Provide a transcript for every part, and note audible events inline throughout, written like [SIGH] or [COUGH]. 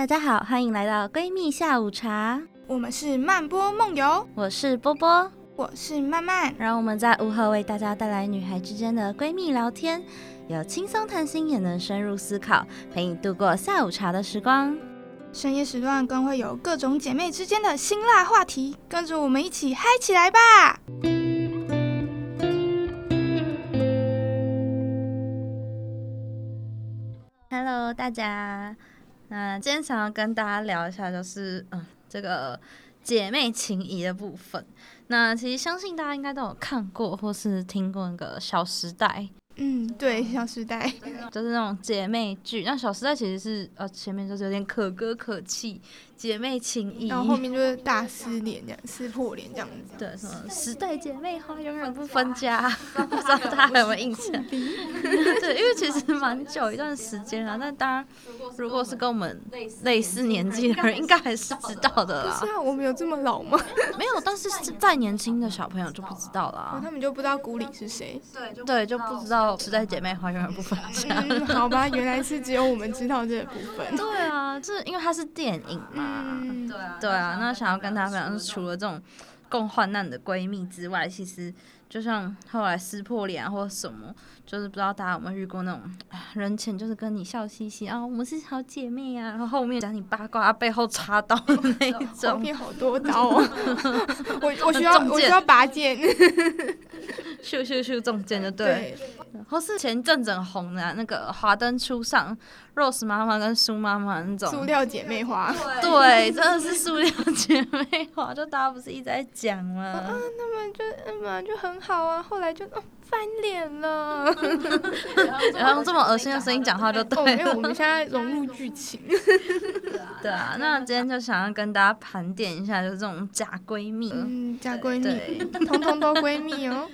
大家好，歡迎來到閨蜜下午茶。我們是漫波夢遊，我是波波，我是漫漫。讓我們在午後為大家帶來女孩之間的閨蜜聊天，有輕鬆談心，也能深入思考，陪你度過下午茶的時光。深夜時段更會有各種姐妹之間的辛辣話題，跟着我們一起嗨起來吧！Hello，大家。那今天想要跟大家聊一下，就是嗯，這個姐妹情誼的部分。那其實相信大家應該都有看過或是聽過那個《小時代》。嗯，對，《小時代》就是那種，就是那種姐妹劇。那《小時代》其實是呃，前面就是有點可歌可泣。姐妹情誼，然後後面就是大撕臉這樣，撕破臉這樣子。對，什麼時代姐妹花永遠不分家，不知道大家有沒有印象？ [LAUGHS] [LAUGHS] 對，因為其實蠻久一段時間了， [LAUGHS] 但當然，如果是跟我們類似年紀的人，應該還是知道的啦。是啊，我們有這麼老嗎？ [LAUGHS] 沒有，但是，是再年輕的小朋友就不知道了。哦，他們就不知道顧里是誰。對，對，就不知道時代姐妹花永遠不分家、 [LAUGHS] 嗯。好吧，原來是只有我們知道這部分。對啊，這因為它是電影嘛。嗯，對啊，對啊，那想要跟他分享，除了這種共患難的閨蜜之外，其實就像後來撕破臉啊，或者什麼。就是不知道大家有沒有遇過那種，人前就是跟你笑嘻嘻啊、哦，我們是好姐妹呀、啊，然後後面講你八卦，啊背後插刀的那一種。我給好多刀、哦。 [LAUGHS] 我我需要我需要拔劍。 [LAUGHS] 咻咻咻，中箭就對、嗯、對。然後是前陣子紅的、啊、那個華燈初上，Rose 媽媽跟蘇媽媽那種。塑料姐妹花。對， [LAUGHS] 真的是塑料姐妹花，就大家不是一直在講嘛？啊、嗯嗯，那麼就那麼、嗯、就很好啊，後來就哦。嗯翻臉了、嗯，然後用這麼噁心的聲音講話就對了。哦，因為我們現在融入劇情。 [LAUGHS] 對啊，那今天就想要跟大家盤點一下，就是這種假閨蜜，嗯、假閨蜜，通通 [LAUGHS] 都閨蜜哦。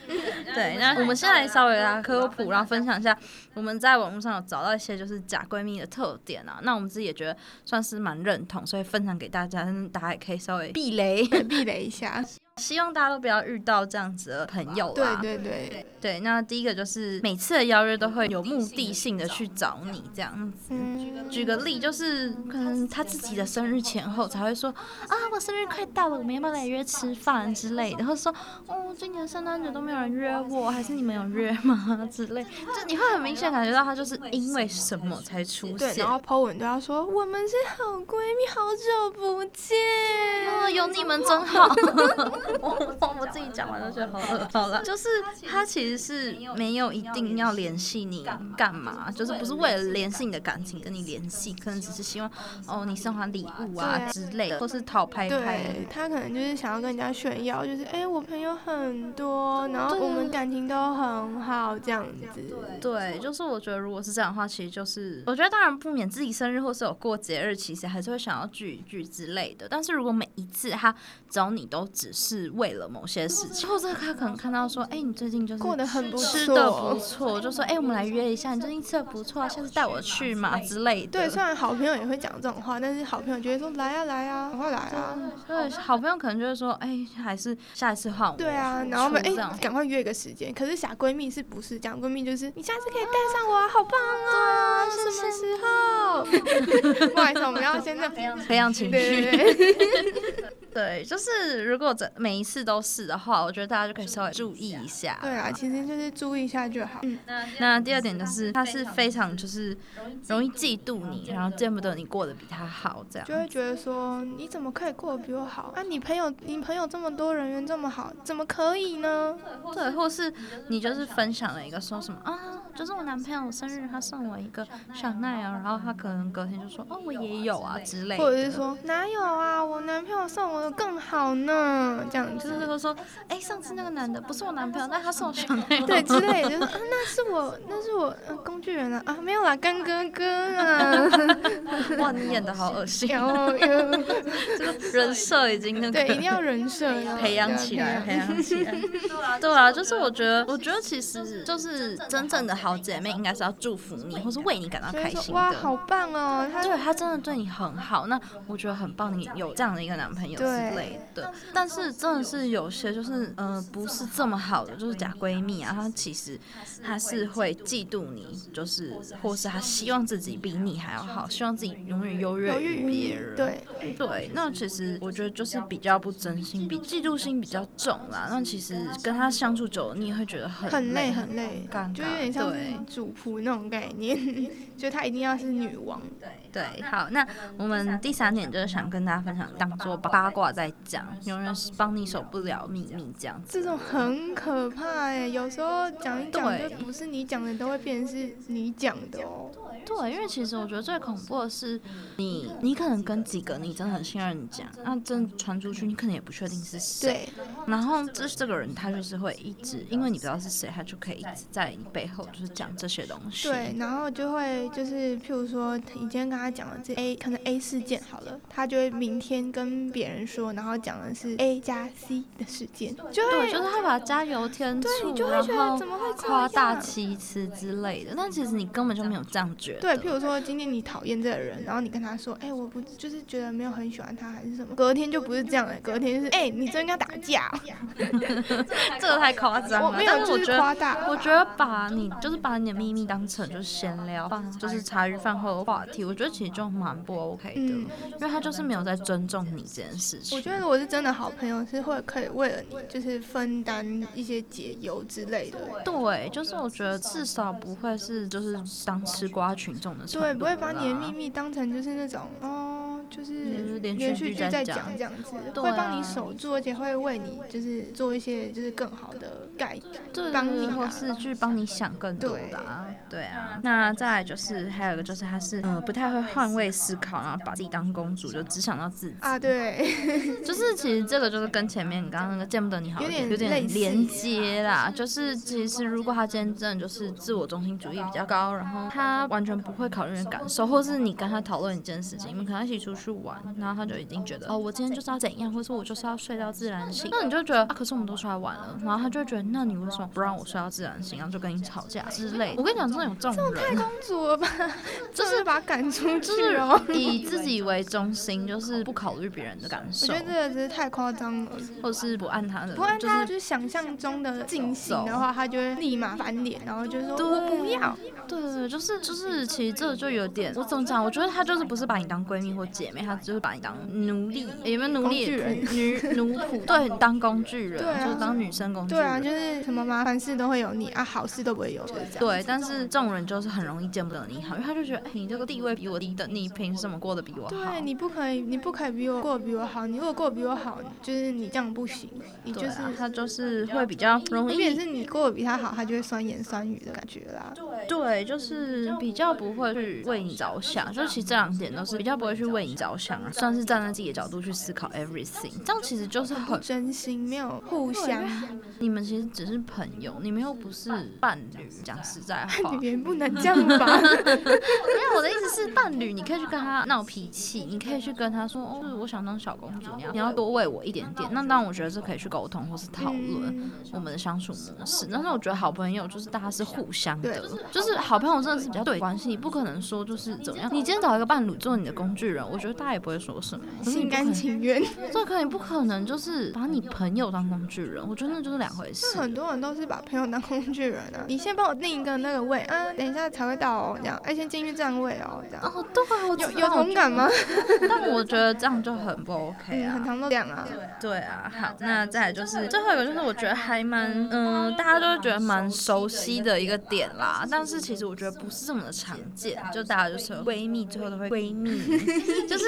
對，那我們先來稍微科普，然後分享一下我們在網絡上有找到一些就是假閨蜜的特點啊。那我們自己也覺得算是蠻認同，所以分享給大家，但大家也可以稍微避雷，避雷一下。希望大家都不要遇到這樣子的朋友啦、啊。對對對對，那第一個就是每次的邀約都會有目的性的去找你，這樣。子、嗯。舉個例，就是可能他自己的生日前後才會說啊，我生日快到了，我們要不要來約吃飯、啊、之類的。然後說哦，今年聖誕節都沒有人約我，還是你們有約嗎？之類的，就你會很明顯感覺到他就是因為什麼才出現。然後 po 文對他說我們是好閨蜜，好久不見，哦、有你們真好。 [LAUGHS] 我 [LAUGHS] 我自己講完都覺得好，好，好了，好了，就是他其實是沒有一定要聯繫你幹嘛，就是不是為了聯繫你的感情跟你聯繫，可能只是希望哦，你送我禮物啊之類的，或是討拍拍。對，他可能就是想要跟人家炫耀，就是哎、欸、我朋友很多，然後我們感情都很好這樣子。對，就是我覺得如果是這樣的話，其實就是我覺得當然不免自己生日或是有過節日，其實還是會想要聚一聚之類的。但是如果每一次他找你都只是。是為了某些事情，或者他可能看到說，哎、欸，你最近就是得過得很不錯，是的不錯，就說，哎、欸，我們來約一下，你最近吃的不錯，下次帶我去嘛，是我去嘛是之類的。對，雖然好朋友也會講這種話，但是好朋友覺得說，來啊來啊，趕快來啊。所以好朋友可能就會說，哎、欸，還是下一次換。對啊，然後我們哎，趕、欸、快約一個時間。可是假閨蜜是不是？假閨蜜就是你下次可以帶上我、啊啊，好棒啊！什麼、啊、時候？不好意思，我們要先在培養培養情緒。對，對，對， [LAUGHS] 對，就是如果每一次都是的話，我覺得大家就可以稍微注意一下。對啊，其實就是注意一下就好。嗯，那第二點就是，是，他，是他是非常就是容易嫉妒你，然後見不得你過得比他好，這樣就會覺得說你怎麼可以過得比我好？啊，你朋友你朋友這麼多，人緣這麼好，怎麼可以呢？對，或是你就是分享了一個說什麼啊，就是我男朋友生日，他送我一個香奈兒，然後他可能隔天就說哦我也有啊之類的，或者是說哪有啊，我男朋友送我的更好呢。就是個說，哎、欸，上次那個男的不是我男朋友，那他是我朋友對，之類就是、 [LAUGHS] 啊，那是我，那是我工具人了啊,啊，沒有啦，乾哥哥啊。 [LAUGHS] 哇，你演的好噁心，哦這個人設已經那個對，一定要人設培養起來，培養起來。起來起來 [LAUGHS] 對啊，就是我覺得，我覺得其實就是真正的好姐妹應該是要祝福你，或是為你感到開心哇，好棒哦，對他,他真的對你很好，那我覺得很棒，你有這樣的一個男朋友之類的，對但是。真的是有些就是嗯、呃，不是這麼好的，就是假閨蜜啊。她其實她是會嫉妒你，就是或是她希望自己比你還要好，希望自己永遠優越於別人。對對，那其實我覺得就是比較不真心，比嫉妒心比較重啦。那其實跟她相處久了，你也會覺得很累很累，很累，就有點像主僕那種概念，就她一定要是女王。對對，好，那我們第三點就是想跟大家分享，當做八卦在講，永遠是幫。你守不了秘密這樣子，這種很可怕哎。有時候講一講，就不是你講的，都會變成是你講的哦。對，因為其實我覺得最恐怖的是你，你你可能跟幾個你真的很信任人講，那真傳出去，你可能也不確定是誰。對。然後這這個人他就是會一直，因為你不知道是誰，他就可以一直在你背後就是講這些東西。對，然後就會就是譬如說，你今天跟他講了這 A，可能 A 事件好了，他就會明天跟別人說，然後講的是 A 加。加戲的事件，對，就是會把他把加油添醋，對，你就會覺得怎麼會，然後誇大其詞之類的。但其實你根本就沒有這樣覺得。對，譬如說今天你討厭這個人，然後你跟他說：“哎、欸，我不就是覺得沒有很喜歡他，還是什麼。”隔天就不是這樣了、欸，隔天就是：“哎、欸，你真應該打架。 [LAUGHS] ” [LAUGHS] 這個太誇張了，我沒有去誇大，我覺得。我覺得把你就是把你的秘密當成就是閒聊，就是茶餘飯後的話題，我覺得其實就蠻不 OK 的、嗯，因為他就是沒有在尊重你這件事情。我覺得如果是真的好朋友，是會可以為了你，就是分擔一些解憂之類的。對，就是我覺得至少不會是就是當吃瓜群眾的。對，不會把你的秘密當成就是那種哦。就是連續劇在講這樣子，對啊、會幫你守住，而且會為你就是做一些就是更好的改，幫你或是去幫你想更多的啊對，對啊。那再來就是還有一個就是他是、呃、不太會換位思考，然後把自己當公主，就只想到自己啊。對， [LAUGHS] 就是其實這個就是跟前面你剛剛那個見不得你好點、有點有點連接啦。就是其實如果他今天真的就是自我中心主義比較高，然後他完全不會考慮你的感受，或是你跟他討論一件事情，你們可能一起出。去玩，然後他就已經覺得哦，我今天就是要怎樣，或者說我就是要睡到自然醒。那你就覺得，啊，可是我們都出來玩了，然後他就覺得，那你為什麼不讓我睡到自然醒？然後就跟你吵架之類。欸、我跟你講，真的有這種人，這太公主了吧？ [LAUGHS] 就是、就是把他趕出去，就是、以自己為中心，就是不考慮別人的感受。我覺得這個真是太誇張了，或者是不按他的、就是，不按他就是想象中的進行的話，他就會立馬翻臉，然後就說我不要。對，就是就是，其實這就有點，我怎麼講？我覺得他就是不是把你當閨蜜或姐。姐妹，她只會把你當奴隸，欸、有沒有奴隸女奴僕？ [LAUGHS] 對，當工具人，對、啊、就當女生工具人。對啊，就是什麼麻煩事都會有你啊，好事都不會有。對，但是這種人就是很容易見不得你好，因為他就覺得，欸、你這個地位比我低的，你憑什麼過得比我好？對，你不可以，你不可以比我過得比我好。你如果過得比我好，就是你這樣不行。你就是、對啊、他就是會比較容易，一點是你過得比他好，他就會酸言酸語的感覺啦。對，就是比較不會去為你着想，就其實這兩點都是比較不會去為你着想，啊，算是站在自己的角度去思考 everything。這樣其實就是很真心，沒有互相。你們其實只是朋友，你們又不是伴侶。講實在話，你別人不能這樣吧？ [LAUGHS] [LAUGHS] 沒有，我的意思是伴侶，你可以去跟他鬧脾氣，你可以去跟他說，哦，就是、我想當小公主，你要你要多為我一點點。那當然，我覺得是可以去溝通或是討論、嗯、我們的相處模式。但是我覺得好朋友就是大家是互相的。就是好朋友真的是比較對關係，你不可能說就是怎麼樣你，你今天找一個伴侶做你的工具人，我覺得大家也不會說什麼，心甘情願。這可你不可能就是把你朋友當工具人，我覺得那就是兩回事。那很多人都是把朋友當工具人啊，你先幫我定一個那個位，啊，等一下才會到，喔，這樣，哎，啊，先進去占位哦，喔，這樣。哦，對啊，有有同感嗎？但我覺得這樣就很不 OK，啊嗯，很常都這樣啊。對啊，好，那再來就是最後一個就是我覺得還蠻，嗯，大家都會覺得蠻熟悉的一個點啦，但是其實我覺得不是這麼的常見，就大家就是閨蜜，最後都會閨蜜， [LAUGHS] 就是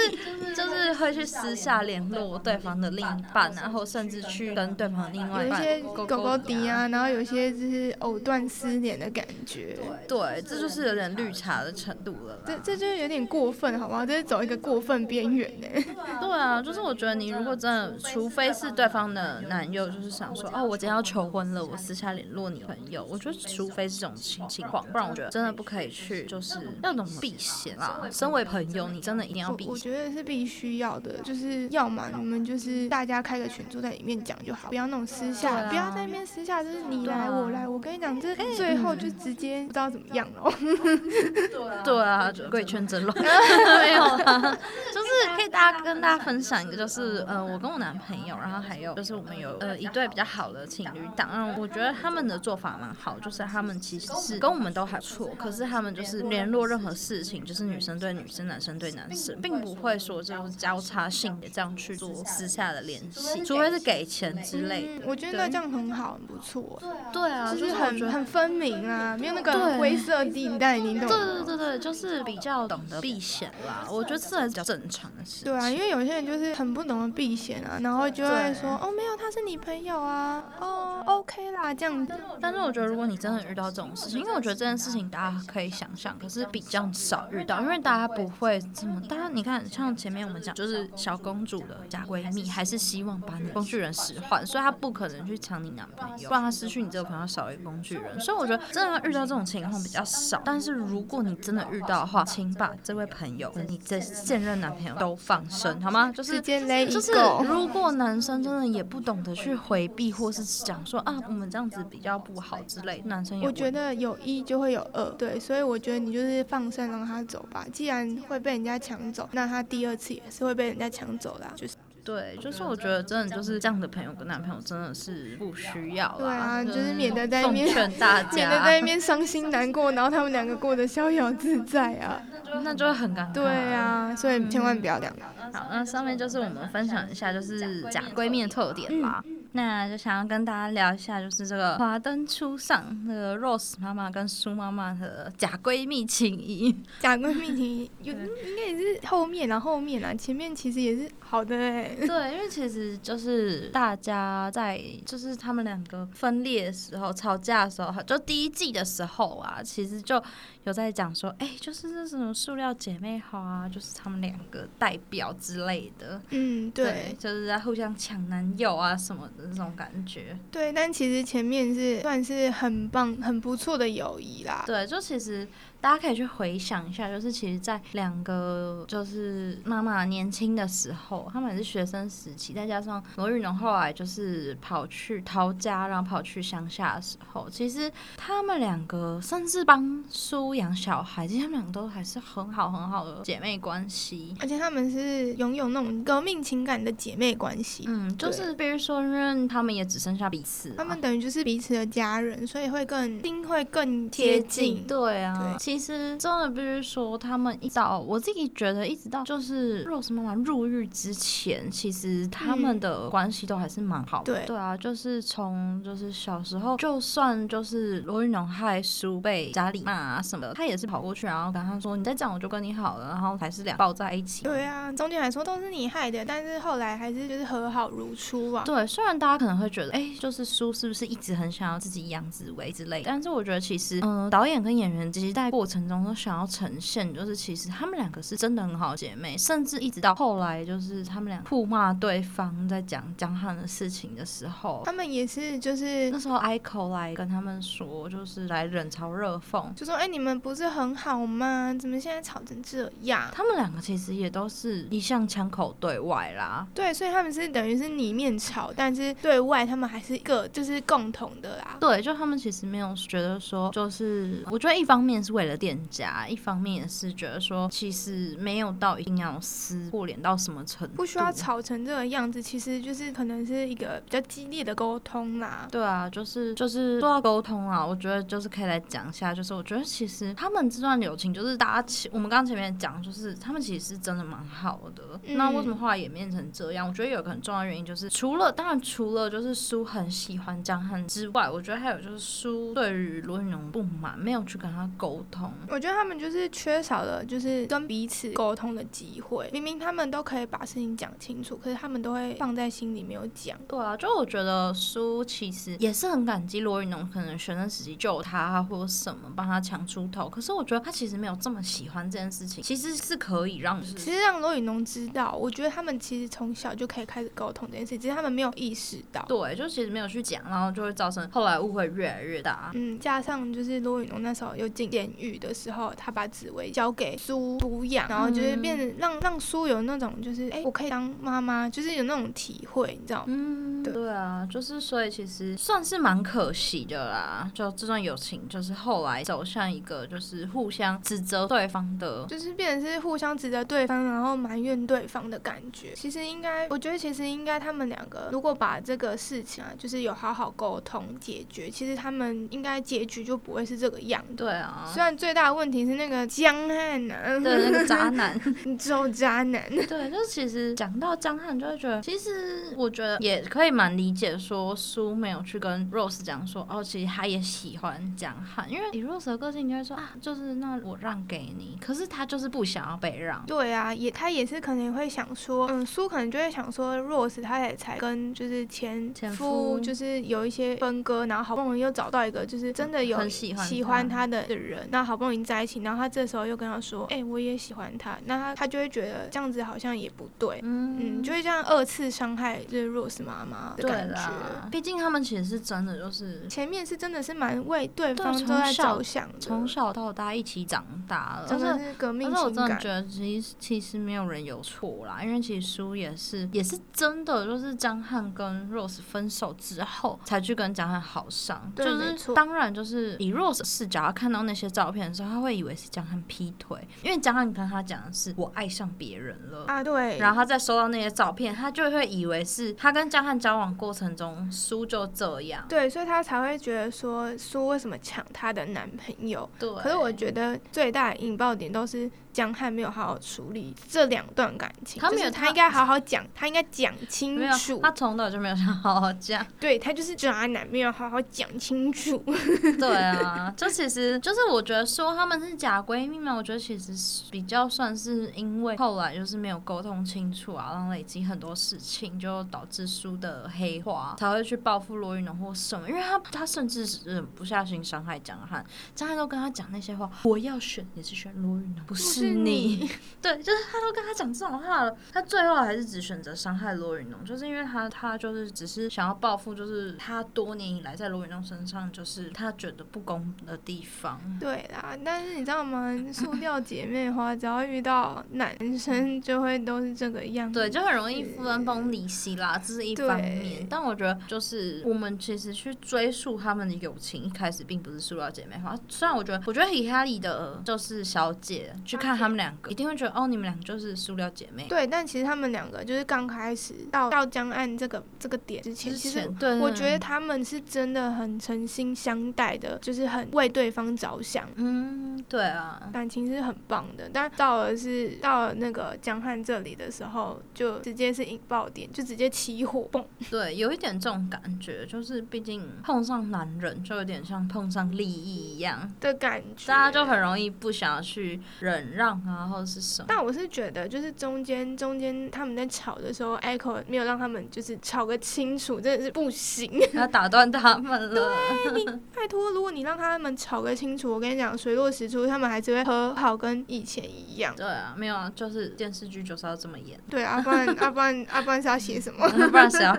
就是會去私下聯絡對方的另一半，然後甚至去跟對方的另外一半的狗狗、啊。有一些狗狗迪啊，然後有一些就是藕斷絲連的感覺。對，對這就是有點綠茶的程度了。對，這就是有點過分好嗎？這是走一個過分邊緣哎。對啊，就是我覺得你如果真的，除非是對方的男友，就是想說哦、啊，我今天要求婚了，我私下聯絡女朋友。我覺得除非是這種情況。不然我覺得真的不可以去，就是那種避嫌啦。身為朋友，你真的一定要避嫌，我覺得是必須要的，就是要嘛，你們就是大家開個群組在裡面講就好，不要那種私下，不要在那邊私下，就是你來我來。我跟你講，這最後就直接、嗯、不知道怎麼樣了。對啊，貴圈真亂。沒有啦，就是可以大家跟大家分享一個，就是呃，我跟我男朋友，然後還有就是我們有呃一對比較好的情侶檔，我覺得他們的做法蠻好，就是他們其實是跟我們。都還不錯，可是他們就是聯絡任何事情，就是女生對女生，男生對男生，並不會說這種交叉性的這樣去做私下的聯繫，除非是給錢之類的錢嗯嗯。我覺得這樣很好，很不錯。對啊，就是很、就是、很分明啊，沒有那個灰色地帶，你懂嗎？對，對對對對，就是比較懂得避嫌啦、啊。我覺得這還是比較正常的事情。對啊，因為有些人就是很不懂得避嫌啊，然後就會說哦，沒有，他是你朋友啊，哦，OK 啦這樣子。但是我覺得如果你真的遇到這種事情，因為我覺得。這件事情大家可以想象，可是比較少遇到，因為大家不會這麼。大家你看，像前面我們講，就是小公主的假閨蜜，還是希望把你工具人使喚，所以她不可能去搶你男朋友，不然她失去你這個朋友，少一個工具人。所以我覺得真的遇到這種情況比較少。但是如果你真的遇到的話，請把這位朋友和你的現任男朋友都放生，好嗎？就是，就是如果男生真的也不懂得去迴避，或是講說啊，我們這樣子比較不好之類，男生有，我覺得有一。就會有惡，對，所以我覺得你就是放生，讓他走吧。既然會被人家搶走，那他第二次也是會被人家搶走啦，就是。對，就是我覺得真的就是這樣的朋友跟男朋友真的是不需要啦。對啊，就是免得在一邊勸大家， [LAUGHS] 免得在一邊傷心難過，然後他們兩個過得逍遙自在啊， [LAUGHS] 那就會很尷尬、啊。對啊，所以千萬不要兩、嗯、好，那上面就是我們分享一下就是假閨蜜的特點吧、嗯嗯。那就想要跟大家聊一下，就是這個華燈初上的 Rose 媽媽跟蘇媽媽的假閨蜜情誼。假閨蜜情誼 [LAUGHS] 有應該也是後面啊，後面啊，前面其實也是好的哎、欸。 [LAUGHS] 對，因為其實就是大家在就是他們兩個分裂的時候、吵架的時候，就第一季的時候啊，其實就有在講說，哎、欸，就是這種塑料姐妹花啊，就是他們兩個代表之類的。嗯，對，對就是在互相搶男友啊什麼的這種感覺。對，但其實前面是算是很棒、很不錯的友誼啦。對，就其實。大家可以去回想一下，就是其實，在兩個就是媽媽年輕的時候，他們也是學生時期，再加上羅玉農後來就是跑去逃家，然後跑去鄉下的時候，其實他們兩個甚至幫叔養小孩，其實他們兩個都還是很好很好的姐妹關係，而且他們是擁有那種革命情感的姐妹關係。嗯，就是比如說，認，他們也只剩下彼此啊，他們等於就是彼此的家人，所以會更心會更貼近，近。對啊。對其實真的不是說他們一早，我自己覺得一直到就是 Rose 媽媽入獄之前，其實他們的關係都還是蠻好的，嗯對。對啊，就是從就是小時候，就算就是羅雲龍害叔被家裡罵、啊、什麼，他也是跑過去，然後跟他說：“你再這樣我就跟你好了。”然後還是兩抱在一起。對啊，中間還說都是你害的，但是後來還是就是和好如初啊。對，雖然大家可能會覺得，哎、欸，就是叔是不是一直很想要自己養紫薇之類的，但是我覺得其實嗯、呃，導演跟演員其實帶過。過程中都想要呈現，就是其實他們兩個是真的很好姐妹，甚至一直到後來，就是他們倆互罵對方在，在講江漢的事情的時候，他們也是就是那時候艾口來跟他們說，就是來冷嘲熱諷，就說：“哎、欸，你們不是很好嗎？怎麼現在吵成這樣？”他們兩個其實也都是一向槍口對外啦，對，所以他們是等於是裡面吵，但是對外他們還是一個就是共同的啦，對，就他們其實沒有覺得說，就是我覺得一方面是為了。的店家，一方面也是覺得說，其實沒有到一定要撕破臉到什麼程度，不需要吵成這個樣子。其實就是可能是一個比較激烈的溝通啦。對啊，就是就是說到溝通啊，我覺得就是可以來講一下。就是我覺得其實他們這段友情，就是大家我們剛前面講，就是他們其實是真的蠻好的、嗯。那為什麼後來演變成這樣？我覺得有個很重要原因，就是除了當然除了就是書很喜歡江漢之外，我覺得還有就是書對於羅雲龍不滿，沒有去跟他溝通。我覺得他們就是缺少了，就是跟彼此溝通的機會。明明他們都可以把事情講清楚，可是他們都會放在心裡沒有講。對啊，就我覺得蘇其實也是很感激羅雨農可能學生時期救他或什麼幫他搶出頭。可是我覺得他其實沒有這麼喜歡這件事情，其實是可以讓你，其實讓羅雨農知道。我覺得他們其實從小就可以開始溝通這件事情，只是他們沒有意識到。對，就其實沒有去講，然後就會造成後來誤會越來越大。嗯，加上就是羅雨農那時候又進監獄。的時候，他把紫薇交給蘇撫養，然後就是變得讓讓蘇有那種就是哎、欸，我可以當媽媽，就是有那種體會，你知道嗎？嗯，對啊，就是所以其實算是蠻可惜的啦，就這段友情就是後來走向一個就是互相指責對方的，就是變成是互相指責對方，然後埋怨對方的感覺。其實應該，我覺得其實應該他們兩個如果把這個事情啊，就是有好好溝通解決，其實他們應該結局就不會是這個樣子。對啊，雖然。最大的問題是那個江漢的、嗯，那個渣男， [LAUGHS] 就 [LAUGHS] 渣男。對，就其實講到江漢，就會覺得，其實我覺得也可以蠻理解，說蘇沒有去跟 Rose 講說，哦，其實他也喜歡江漢，因為以 Rose 的個性就會，應該說啊，就是那我讓給你，可是他就是不想要被讓。對啊，也他也是肯定會想說，嗯，蘇可能就會想說，Rose 他也才跟就是前前夫就是有一些分割，然後好不容易又找到一個就是真的有喜歡、嗯、很喜歡他的的人，那。好不容易在一起，然後他這時候又跟他說：“哎、欸，我也喜歡他。”那他他就會覺得這樣子好像也不對，嗯，嗯，就會這樣二次傷害這 Rose 媽媽的感覺。畢竟他們其實是真的，就是前面是真的是蠻為對方都在着想，從小，從小到大一起長大了，了、就是、就是革命情感。但是我真的覺得其實其實沒有人有錯啦，因為其實書也是也是真的，就是張翰跟 Rose 分手之後才去跟張翰好上，對就是當然就是以 Rose 視角要看到那些照，照片的時候，他會以為是江漢劈腿，因為江漢跟他講的是我愛上別人了啊，對。然後他再收到那些照片，他就會以為是他跟江漢交往過程中蘇就這樣，對，所以他才會覺得說蘇為什麼搶他的男朋友？對。可是我覺得最大的引爆點都是。江漢沒有好好處理這兩段感情，他沒有他好好，他應該好好講，他應該講清楚。他從頭就沒有想好好講，對，他就是假男，沒有好好講清楚。 [LAUGHS] 對啊，這其實就是我覺得說他們是假閨蜜嘛，我覺得其實是比較算是因為後來就是沒有溝通清楚啊，然後累積很多事情，就導致輸的黑化才會去報復羅雲龍或什麼，因為他他甚至、嗯、忍不下心傷害江漢，江漢都跟他講那些話，我要選也是選羅雲龍，不是。不是你 [LAUGHS] 對，就是他都跟他講這種話了，他最後還是只選擇傷害羅雲龍，就是因為他他就是只是想要報復，就是他多年以來在羅雲龍身上就是他覺得不公的地方。對啦，但是你知道嗎？ [LAUGHS] 塑料姐妹花只要遇到男生就會都是這個樣子，對，就很容易分崩離析啦，這、就是一方面對。但我覺得就是我們其實去追溯他們的友情一開始並不是塑料姐妹花，雖然我覺得我覺得以哈里的就是小姐 [LAUGHS] 去看。他們兩個一定會覺得哦，你們兩個就是塑料姐妹。對，但其實他們兩個就是剛開始到到江岸這個這個點之前，欸、其實我覺得他們是真的很誠心相待的，欸，就是很為對方着想。嗯，對啊，感情是很棒的。但到了是到了那個江漢這裡的時候，就直接是引爆點，就直接起火蹦。對，有一點這種感覺，就是畢竟碰上男人，就有點像碰上利益一樣的感覺，大家就很容易不想要去忍。讓啊，或者是什麼？但我是覺得，就是中間中間他們在吵的時候，Echo 沒有讓他們就是吵個清楚，真的是不行。要打斷他們了。對，拜托，如果你讓他們吵個清楚，我跟你講，水落石出，他們還是會和好，跟以前一樣。對啊，沒有啊，就是電視劇就是要這麼演。對，啊不然，啊不然， [LAUGHS] 啊不然，啊不然是要寫什麼？ [LAUGHS] [LAUGHS] 啊不然是要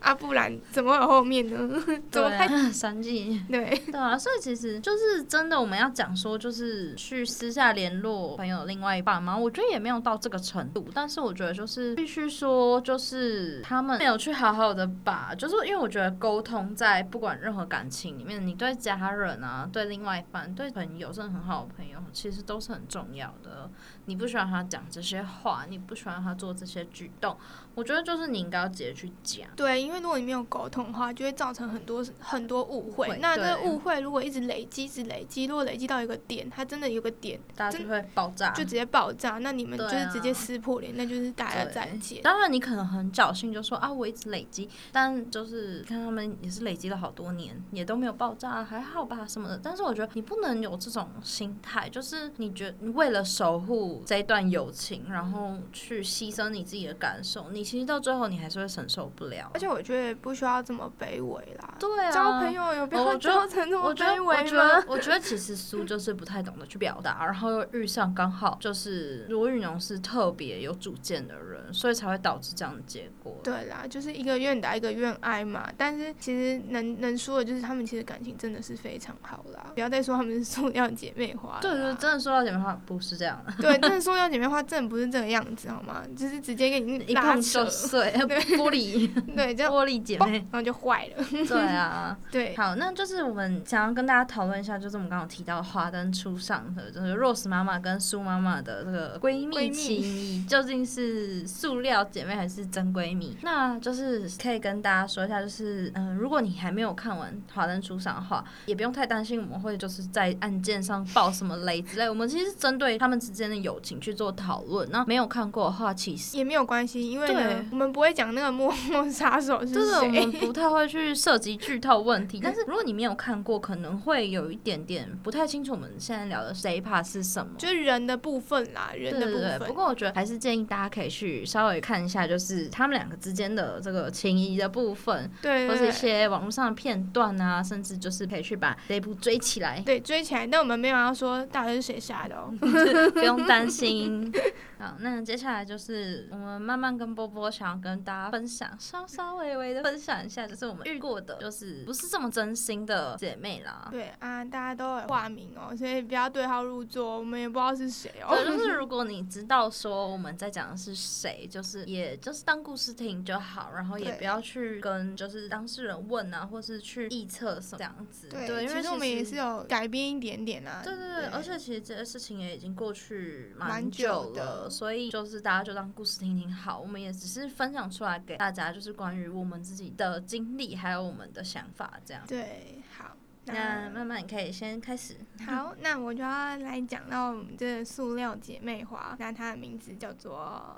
阿不然怎麼會有後面呢？對啊，怎麼拍三季。對對啊，所以其實就是真的，我們要講說，就是去私下聯絡。朋友另外一半嗎？我覺得也沒有到這個程度，但是我覺得就是必須說，就是他們沒有去好好的把，就是因為我覺得溝通在不管任何感情裡面，你對家人啊，對另外一半，對朋友，甚至很好的朋友，其實都是很重要的。你不喜歡他講這些話，你不喜歡他做這些舉動。我覺得就是你應該要直接去講。對，因為如果你沒有溝通的話，就會造成很多、嗯、很多誤會。那這誤會如果一直累積，一、嗯、直累積，如果累積到一個點，它真的有個點，大家就會爆炸，就直接爆炸。那你們就是直接撕破臉，啊、那就是大家再見。當然，你可能很僥幸，就說啊，我一直累積，但就是看他們也是累積了好多年，也都沒有爆炸，還好吧什麼的。但是我覺得你不能有這種心態，就是你覺你為了守護這一段友情、嗯，然後去犧牲你自己的感受，你。其實到最後，你還是會承受不了啊。而且我覺得不需要這麼卑微啦。對啊，交朋友有必要交成那麼卑微嗎？我覺得，我覺得，我覺得其實蘇就是不太懂得去表達， [LAUGHS] 然後又遇上剛好就是羅玉榮是特別有主見的人，所以才會導致這樣的結果。對啦，就是一個願打一個願挨嘛。但是其實能能說的就是，他們其實感情真的是非常好啦。不要再說他們是塑料姐妹花。對，真的塑料姐妹花不是這樣。對，真的塑料姐妹花真的不是這個樣子 [LAUGHS] 好嗎？就是直接給你一碰。就碎玻璃，對，玻璃姐妹，喔、然後就壞了。對啊，對，好，那就是我們想要跟大家討論一下，就是我們剛剛提到《華燈初上》的，就是 Rose 媽媽跟蘇媽媽的這個閨蜜情誼，究竟是塑料姐妹還是真閨蜜？那就是可以跟大家說一下，就是嗯、呃，如果你還沒有看完《華燈初上》的話，也不用太擔心我們會就是在案件上爆什麼雷之類。 [LAUGHS] 我們其實是針對他們之間的友情去做討論。那沒有看過的話，其實也沒有關係，因為。對我們不會講那個《噩夢殺手》是誰？就是我們不太會去涉及劇透問題。 [LAUGHS] 但是如果你沒有看過，可能會有一點點不太清楚。我們現在聊的“誰怕”是什麼？就是人的部分啦對對對，人的部分。不過我覺得還是建議大家可以去稍微看一下，就是他們兩個之間的這個情誼的部分，對對對，或者是一些網絡上的片段啊，甚至就是可以去把內部追起來。對，追起來。但我們沒有要說到底是誰殺的哦、喔， [LAUGHS] [LAUGHS] [LAUGHS] 不用擔擔心。 [LAUGHS] 好，那接下來就是我們漫漫跟波波想要跟大家分享，稍稍微微的分享一下，就是我們遇過的，就是不是這麼真心的姐妹啦。對啊，大家都有化名哦，所以不要對號入座，我們也不知道是誰哦，哦。就是如果你知道說我們在講的是誰，就是也就是當故事聽就好，然後也不要去跟就是當事人問啊，或是去臆測什麼這樣子。對，對因為其實，其實我們也是有改編一點點啊。對對對，對而且其實這個事情也已經過去蠻久了。所以就是大家就當故事聽聽好，我們也只是分享出來給大家，就是關於我們自己的經歷，還有我們的想法這樣。對，好，那，那慢慢你可以先開始，嗯。好，那我就要來講到我們這塑料姐妹花，那她的名字叫做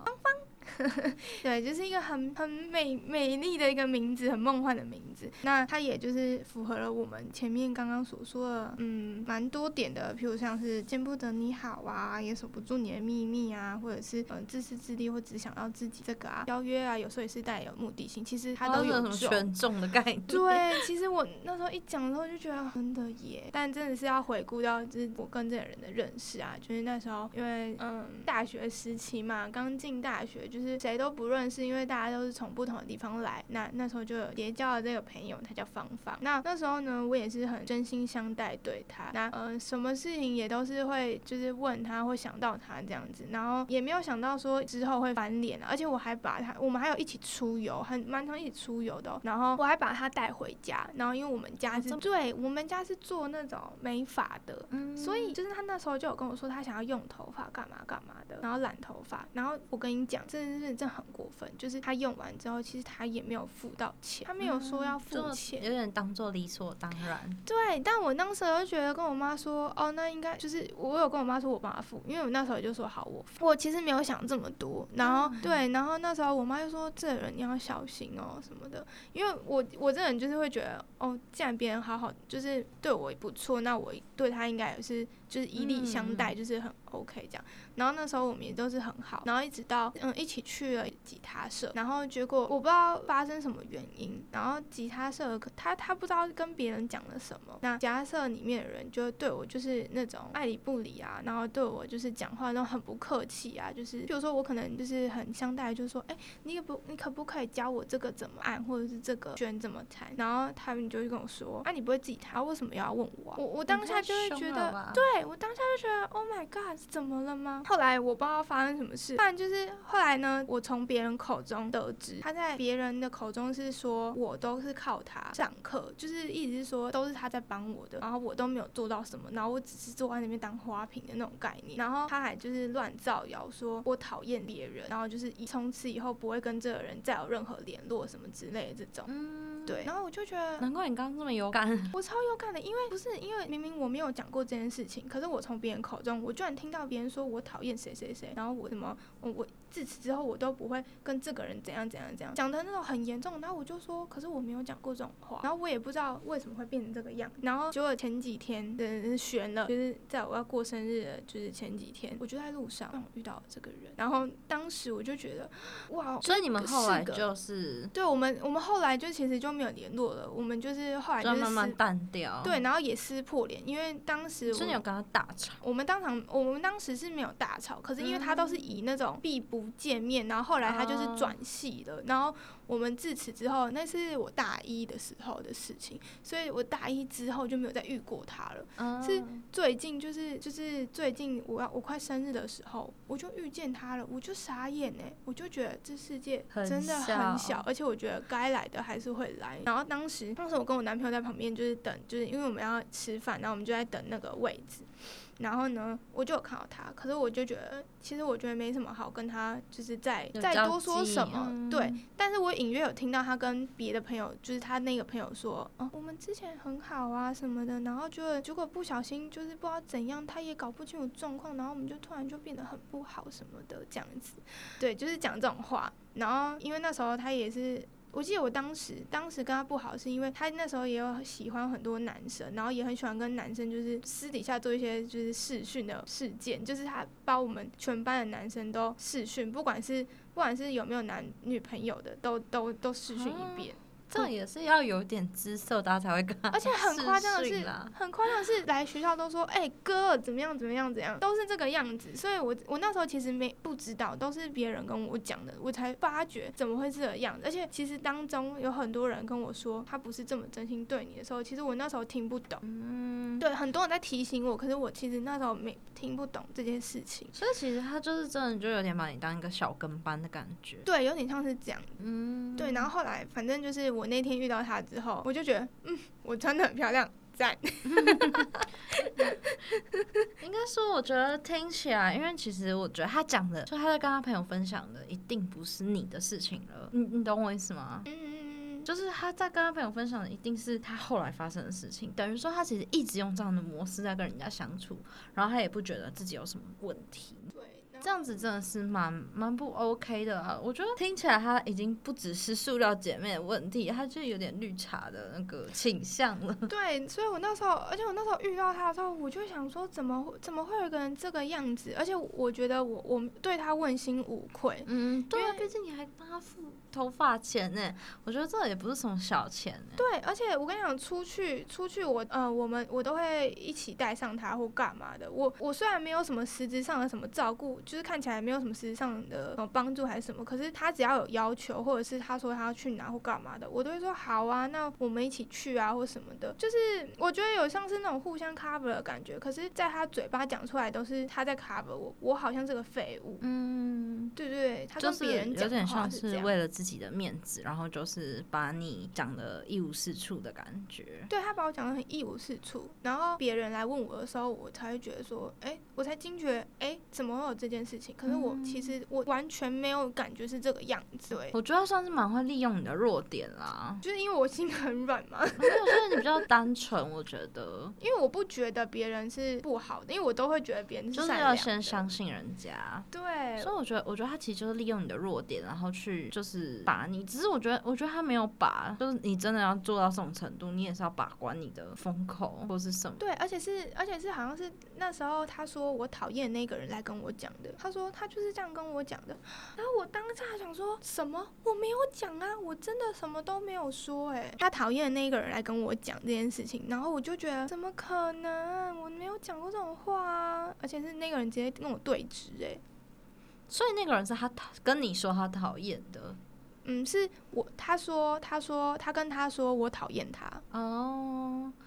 芳芳。 [LAUGHS] 對，就是一個很很美美麗的一個名字，很夢幻的名字。那它也就是符合了我們前面剛剛所說的，嗯，蠻多點的。譬如像是見不得你好啊，也守不住你的祕密啊，或者是嗯、呃、自私自利，或只想要自己這個啊邀約啊，有時候也是帶有目的性。其實他都有、哦、什麼權重的概念？ [LAUGHS] 對，其實我那時候一講的時候就覺得，很得意耶。但真的是要回顧到，就是我跟這個人的認識啊，就是那時候因為嗯大學時期嘛，剛進大學就是。誰都不認識，因為大家都是從不同的地方來。那那時候就有結交了這個朋友，他叫芳芳。那那時候呢，我也是很真心相待對他。那嗯、呃，什麼事情也都是會就是問他，會想到他這樣子。然後也沒有想到說之後會翻臉啊。而且我還把他，我們還有一起出遊，很蠻常一起出遊的。然後我還把他帶回家。然後因為我們家是、嗯、對，我們家是做那種美髮的、嗯，所以就是他那時候就有跟我說，他想要用頭髮幹嘛幹嘛的，然後染頭髮。然後我跟你講，真是這很過分，就是他用完之後，其實他也沒有付到錢，他沒有說要付錢，嗯、有點當做理所當然。對，但我當時就覺得跟我媽說，哦，那應該就是我有跟我媽說我爸付，因為我那時候就說好我付，我其實沒有想這麼多，然後、哦、對，然後那時候我媽就說，這人你要小心哦什麼的，因為我我這人就是會覺得哦，既然別人好好就是對我也不錯，那我對他應該也是。就是以禮相待，就是很 OK 這樣、嗯，然後那時候我們也都是很好，然後一直到嗯一起去了吉他社，然後結果我不知道發生什麼原因，然後吉他社可他他，他不知道跟別人講了什麼，那吉他社裡面的人就對我就是那種愛理不理啊，然後對我就是講話都很不客氣啊，就是譬如說我可能就是很相待，就說哎、欸，你也不你可不可以教我這個怎麼按，或者是這個弦怎麼彈？然後他們就會跟我說，啊，你不會自己彈，為什麼又要問我、啊？我我當下就會覺得對。我當下就覺得，Oh my God，怎麼了嗎？後來我不知道發生什麼事，但就是後來呢，我從別人口中得知，他在別人的口中是說我都是靠他上課，就是一直是說都是他在幫我的，然後我都沒有做到什麼，然後我只是坐在那邊當花瓶的那種概念。然後他還就是亂造謠，說我討厭別人，然後就是從此以後不會跟這個人再有任何聯絡什麼之類的這種。嗯，對。然後我就覺得，難怪你剛剛這麼有感，我超有感的，因為不是，因為明明我沒有講過這件事情。可是我從別人口中，我居然聽到別人說我討厭誰誰誰，然後我什麼我我。我自此之後我都不會跟這個人怎樣怎樣怎樣講的那種很嚴重，然後我就說，可是我沒有講過這種話，然後我也不知道為什麼會變成這個樣。然後結果前幾天，嗯，懸了，就是在我要過生日就是前幾天，我就在路上遇到了這個人，然後當時我就覺得哇，所以你們後來就是對，我們我們後來就其實就沒有聯絡了，我們就是後來就是就慢慢淡掉，對，然後也撕破臉，因為當時我真的有跟他大吵，我們當場我們當時是沒有大吵，可是因為他都是以那種必不。不見面，然後後來他就是轉系了，Oh. 然後我們自此之後，那是我大一的時候的事情，所以我大一之後就沒有再遇過他了。Oh. 是最近，就是就是最近我要我快生日的時候，我就遇見他了，我就傻眼哎、欸，我就覺得這世界真的很小，很而且我覺得該來的還是會來。然後當時當時我跟我男朋友在旁邊就是等，就是因為我們要吃飯，然後我們就在等那個位置。然後呢，我就有看到他，可是我就覺得，其實我覺得沒什麼好跟他，就是再再，再多說什麼，嗯、對。但是我隱約有聽到他跟別的朋友，就是他那個朋友說，哦、啊，我們之前很好啊什麼的，然後就如果不小心，就是不知道怎樣，他也搞不清楚狀況，然後我們就突然就變得很不好什麼的這樣子，對，就是講這種話。然後因為那時候他也是。我記得我當時，當時跟他不好，是因為他那時候也有喜歡很多男生，然後也很喜歡跟男生，就是私底下做一些就是視訊的事件，就是他把我們全班的男生都視訊，不管是不管是有沒有男女朋友的，都都都視訊一遍。嗯這樣也是要有點姿色，大家才會跟。而且很誇張的是， [LAUGHS] 很誇張的是，來學校都說：“哎、 [LAUGHS] 欸，哥怎麼樣？怎麼樣？怎樣？”都是這個樣子。所以我，我我那時候其實沒不知道，都是別人跟我講的，我才發覺怎麼會這個樣子。而且，其實當中有很多人跟我說他不是這麼真心對你的時候，其實我那時候聽不懂。嗯，對，很多人在提醒我，可是我其實那時候沒聽不懂這件事情。所以，其實他就是真的，就有點把你當一個小跟班的感覺。對，有點像是這樣。嗯，對。然後後來，反正就是。我那天遇到他之後，我就覺得，嗯，我穿得很漂亮，讚。 [LAUGHS] 應該說，我覺得聽起來，因為其實我覺得他講的，就他在跟他朋友分享的，一定不是你的事情了。你、嗯、你懂我意思嗎？嗯嗯嗯，就是他在跟他朋友分享的，一定是他後來發生的事情。等於說，他其實一直用這樣的模式在跟人家相處，然後他也不覺得自己有什麼問題。對。這樣子真的是蠻蠻不 OK 的啊，我覺得聽起來他已經不只是塑料姐妹的問題，他就有點綠茶的那個傾向了。對，所以我那時候，而且我那時候遇到他的時候，我就想說，怎麼怎麼會有一個人這個樣子？而且我覺得我我對他問心無愧，嗯，對啊，畢竟你還幫他付頭髮錢呢，欸，我覺得這也不是什麼小錢呢欸。對，而且我跟你講，出去出去，我呃，我們我都會一起帶上他或幹嘛的。我我雖然沒有什麼實質上的什麼照顧。就是看起來沒有什麼實質上的幫助還是什麼，可是他只要有要求或者是他說他要去哪或幹嘛的，我都會說好啊，那我們一起去啊或什麼的。就是我覺得有像是那種互相 cover 的感覺，可是在他嘴巴講出來都是他在 cover 我，我好像是個廢物。嗯，對對、對，他跟別人講話、就是、有點像是為了自己的面子，然後就是把你講得一無是處的感覺。對，他把我講得很一無是處，然後別人來問我的時候，我才會覺得說，哎、欸，我才驚覺，哎、欸，怎麼會有這件事。事情。可是我其實我完全沒有感覺是這個樣子，對，我覺得他算是蠻會利用你的弱點啦，就是因為我心很軟嘛、哎。我覺得你比較單純， [LAUGHS] 我覺得，因為我不覺得別人是不好的，因為我都會覺得別人是，就是要先相信人家，對。所以我覺得，我覺得他其實就是利用你的弱點，然後去就是把你。只是我覺得，我覺得他沒有把，就是你真的要做到這種程度，你也是要把關你的風口或是什麼。對，而且是而且是好像是那時候他說我討厭那個人來跟我講。他說他就是這樣跟我講的，然後我當下想說什麼？我沒有講啊，我真的什麼都沒有說哎、欸。他討厭的那一個人來跟我講這件事情，然後我就覺得怎麼可能？我沒有講過這種話啊，而且是那個人直接跟我對峙哎、欸。所以那個人是他討跟你說他討厭的，嗯，是我他說他說他跟他說我討厭他哦，oh,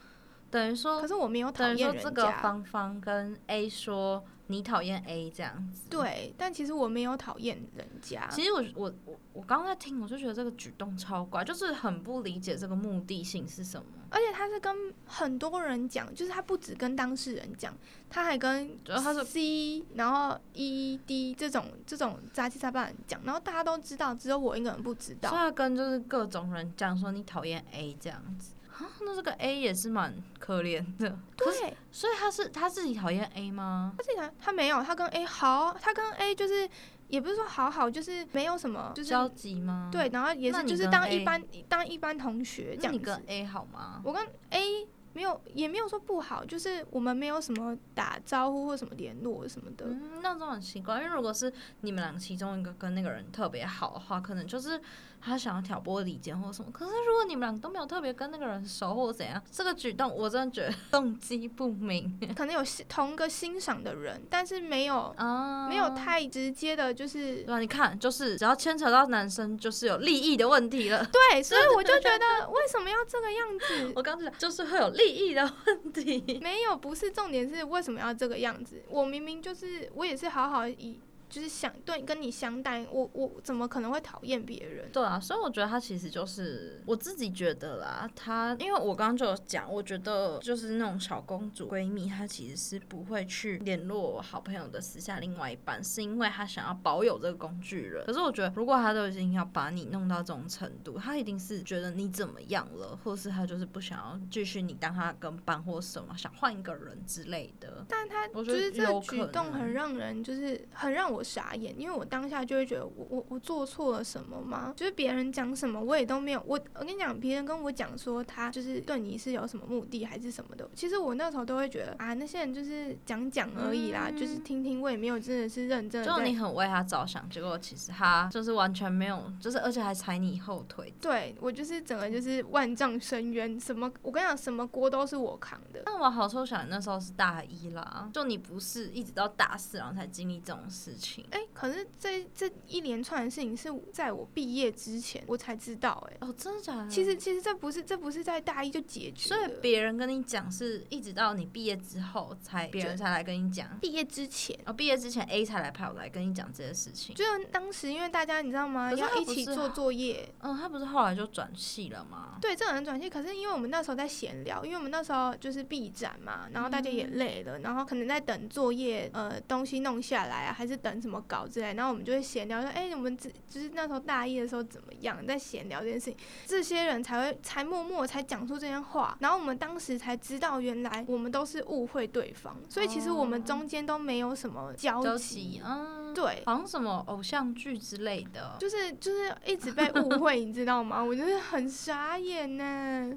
等於說，可是我沒有討厭人家。這個芳芳跟 A 說，你討厭 A 這樣子。對，但其實我沒有討厭人家。其實我我我我剛剛在聽，我就覺得這個舉動超怪，就是很不理解這個目的性是什麼。而且他是跟很多人講，就是他不止跟當事人講，他還跟主要是 C，然後 E、D 這種這種雜七雜八的人講，然後大家都知道，只有我一個人不知道。所以他跟就是各種人講說你討厭 A 這樣子。啊，那這個 A 也是蠻可憐的。對，所以他是他自己討厭 A 嗎？他自己討厭他沒有，他跟 A 好，他跟 A 就是也不是說好好，就是沒有什麼，就是交集嗎？對，然後也是就是當一般 A，當一般同學這樣子。那你跟 A 好嗎？我跟 A 沒有也沒有說不好，就是我們沒有什麼打招呼或什麼聯絡什麼的。嗯，那種很奇怪，因為如果是你們倆其中一個跟那個人特別好的話，可能就是。他想要挑撥離間或什麼，可是如果你們倆都沒有特別跟那個人熟或怎樣，這個舉動我真的覺得動機不明，可能有同個欣賞的人，但是沒有，哦、沒有太直接的，就是對、啊，你看，就是只要牽扯到男生，就是有利益的問題了。對，所以我就覺得為什麼要這個樣子？ [LAUGHS] 我剛講就是會有利益的問題，沒有，不是重點是為什麼要這個樣子？我明明就是我也是好好以。就是想對跟你相待，我我怎麼可能會討厭別人？對啊，所以我覺得他其實就是我自己覺得啦。他因為我剛剛就有講，我覺得就是那種小公主閨蜜，她其實是不會去聯絡好朋友的私下另外一半，是因為她想要保有這個工具人。可是我覺得，如果她都已經要把你弄到這種程度，她一定是覺得你怎麼樣了，或是她就是不想要繼續你當她跟班或什麼，想換一個人之類的。但她我覺得這個舉動很讓人，就是很讓我。我傻眼，因為我當下就會覺得我我我做錯了什麼嗎？就是別人講什麼我也都沒有。我我跟你講，別人跟我講說他就是對你是有什麼目的還是什麼的，其實我那時候都會覺得啊，那些人就是講講而已啦、嗯，就是聽聽，我也沒有真的是認真的。就你很為他着想，結果其實他就是完全沒有，就是而且還踩你後腿。對，我就是整個就是萬丈深淵，什麼，我跟你講，什麼鍋都是我扛的。那我好受想，那時候是大一啦，就你不是一直到大四，然後才經歷這種事情。哎、欸，可是這這一連串的事情是在我畢業之前我才知道。哎、欸、哦，真的假的？其實其實這不是這不是在大一就解決，所以別人跟你講是一直到你畢業之後才別人才來跟你講，畢業之前哦，畢業之前 A 才來派我來跟你講這些事情。就是當時因為大家你知道嗎、啊？要一起做作業，嗯，他不是後來就轉系了嗎？對，這個人轉系，可是因為我們那時候在閒聊，因為我們那時候就是畢展嘛，然後大家也累了，嗯、然後可能在等作業呃東西弄下來啊，還是等。怎麼搞之類，然後我們就會閒聊，說：“哎、欸，我們只就是那時候大一的時候怎麼樣，在閒聊這件事情，這些人才會才默默才講出這些話，然後我們當時才知道，原來我們都是誤會對方，所以其實我們中間都沒有什麼交集。對，好像什麼偶像劇之類的，就是就是一直被誤會， [LAUGHS] 你知道嗎？我就是很傻眼呢，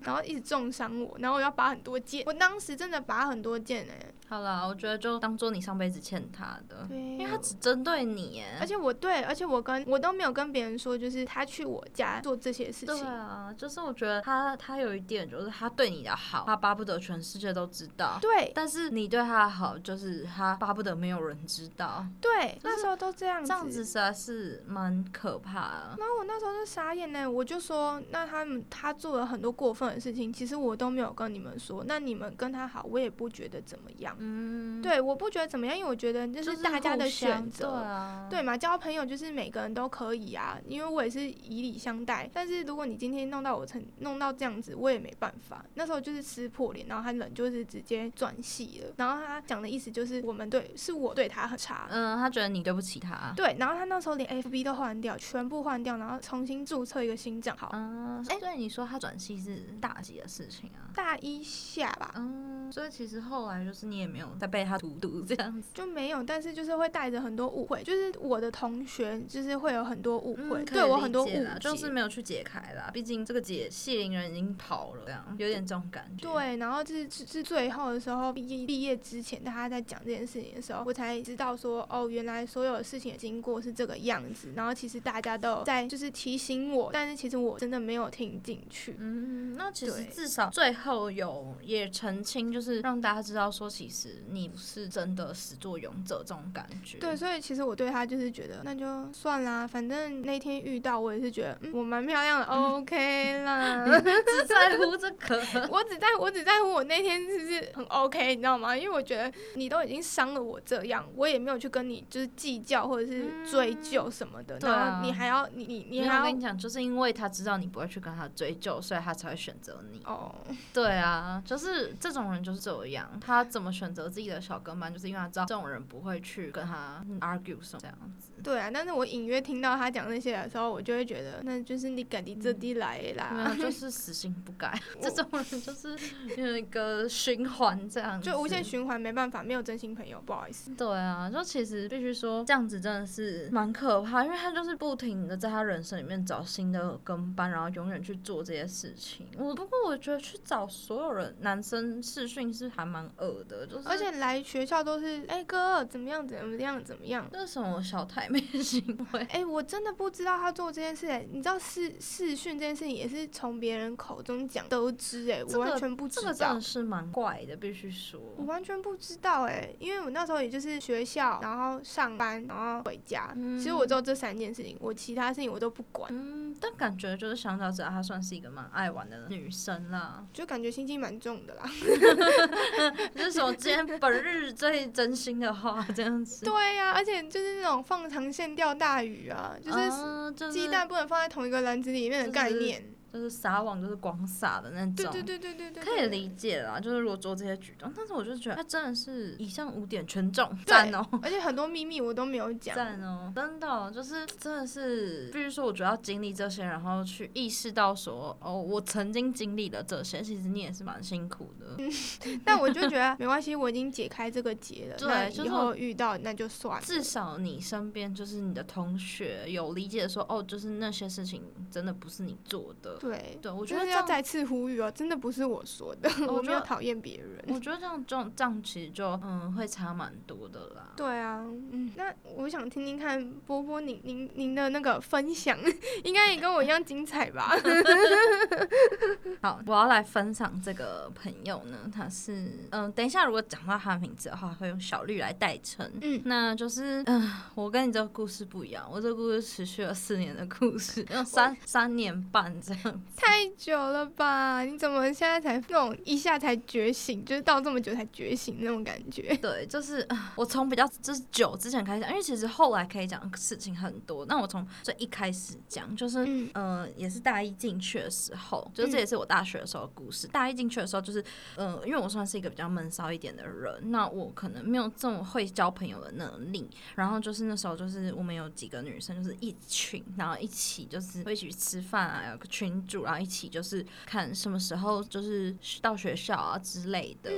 然後一直重傷我，然後我要拔很多箭，我當時真的拔很多箭呢。好了，我覺得就當做你上輩子欠他的，因為他只針對你，而且我對，而且我跟我都沒有跟別人說，就是他去我家做這些事情。對啊，就是我覺得他他有一點，就是他對你的好，他巴不得全世界都知道，對。但是你對他好，就是他巴不得沒有人知道，對。就是、那時候，都這樣子，這樣子實在是蠻可怕的、啊。然後我那時候就傻眼呢、欸，我就說，那他們他做了很多過分的事情，其實我都沒有跟你們說。那你們跟他好，我也不覺得怎麼樣。嗯，對，我不覺得怎麼樣，因為我覺得這是大家的選擇、就是啊，對嘛？交朋友就是每個人都可以啊。因為我也是以禮相待，但是如果你今天弄到我成弄到這樣子，我也沒辦法。那時候就是撕破臉，然後他冷就是直接轉戲了。然後他講的意思就是，我們對是我對他很差。嗯，他覺得你對。其他對，然後他那時候連 FB 都換掉，全部換掉，然後重新註冊一個新帳號。好，哎，所以你說他轉系是大幾的事情啊？大一下吧。嗯，所以其實後來就是你也沒有再被他荼毒這樣子，就沒有。但是就是會帶着很多誤會，就是我的同學就是會有很多誤會，嗯、對我很多誤會，就是沒有去解開啦。畢竟這個解，繫鈴人已經跑了，這樣有點這種感覺。對，然後、就是是、就是最後的時候，畢業畢業之前，大家在講這件事情的時候，我才知道說，哦，原來說。所有的事情的經過是這個樣子，然後其實大家都在就是提醒我，但是其實我真的沒有聽進去。嗯，那其實至少最後有也澄清，就是讓大家知道說，其實你不是真的始作俑者這種感覺。對，所以其實我對他就是覺得，那就算啦，反正那天遇到我也是覺得，嗯，我蠻漂亮的，嗯，OK 啦。 [LAUGHS] [LAUGHS] 只在乎這個。我只在，我只在乎我那天就是，是很 OK，你知道嗎？因為我覺得你都已經傷了我這樣，我也沒有去跟你就是記。計較或者是追究什麼的，嗯、對、啊，你你還要你你你還要跟你講，就是因為他知道你不會去跟他追究，所以他才會選擇你。哦、oh.，對啊，就是這種人就是這樣，他怎麼選擇自己的小跟班，就是因為他知道這種人不會去跟他 argue 什麼這樣子。對啊，但是我隱約聽到他講那些的時候，我就會覺得，那就是你改離這地來啦，就是死性不改。Oh. 這種人就是有一個循環這樣子，就無限循環，沒辦法，沒有真心朋友，不好意思。對啊，就其實必須說，這樣子真的是蠻可怕，因為他就是不停的在他人生裡面找新的跟班，然後永遠去做這些事情。我不過我覺得去找所有人男生視訊是還蠻惡的，就是而且來學校都是哎、欸、哥怎麼樣怎麼樣怎麼樣，那什麼小太妹行為？哎、欸，我真的不知道他做這件事、欸、你知道是視訊這件事情也是從別人口中講得知、欸，哎、這個，我完全不知道，這個、是蠻怪的，必須說，我完全不知道哎、欸，因為我那時候也就是學校然後上班。然後回家，嗯、其實我知道這三件事情，我其他事情我都不管。嗯、但感覺就是香草姐她算是一個蠻愛玩的女生啦，就感覺心機蠻重的啦。 [LAUGHS] [LAUGHS] [LAUGHS] [LAUGHS] 這是我今天本日最真心的話，這樣子。對呀、啊，而且就是那種放長線釣大魚啊，就是雞蛋不能放在同一個籃子裡面的概念。啊就是就是就是撒網，就是廣撒的那種。對對對對對，對，可以理解啦。就是如果做這些舉動，但是我就覺得他真的是以上五點全中，讚哦、喔！而且很多秘密我都沒有講，讚哦！真的、喔，就是真的是，比如說，我主要經歷這些，然後去意識到說，哦，我曾經經歷了這些，其實你也是蠻辛苦的、嗯。但我就覺得沒關係，我已經解開這個結了。 [LAUGHS] 對，以後遇到那就算了。至少你身邊就是你的同學有理解說，哦，就是那些事情真的不是你做的。對對、就是啊，我覺得要再次呼籲哦，真的不是我說的，我沒有討厭別人。我覺得這樣這種賬其實就嗯會差蠻多的啦。對啊，嗯，那我想聽聽看波波您您您的那個分享，應該也跟我一樣精彩吧？ [LAUGHS] 好，我要來分享這個朋友呢，他是嗯、呃，等一下如果講到他的名字的話，會用小綠來代稱。嗯，那就是嗯、呃，我跟你這個故事不一樣，我這個故事持續了四年的故事， [LAUGHS] 三三年半這樣。嗯、太久了吧？你怎麼現在才那種一下才覺醒，就是到這麼久才覺醒那種感覺？對，就是我從比較就是久之前開始，因為其實後來可以講的事情很多。那我從最一開始講，就是嗯、呃，也是大一進去的時候，就是、這也是我大學的時候的故事。嗯、大一進去的時候，就是嗯、呃，因為我算是一個比較悶騷一點的人，那我可能沒有這麼會交朋友的能力。然後就是那時候，就是我們有幾個女生，就是一群，然後一起就是會一起去吃飯啊，有個群。住，然後一起就是看什麼時候就是到學校啊之類的。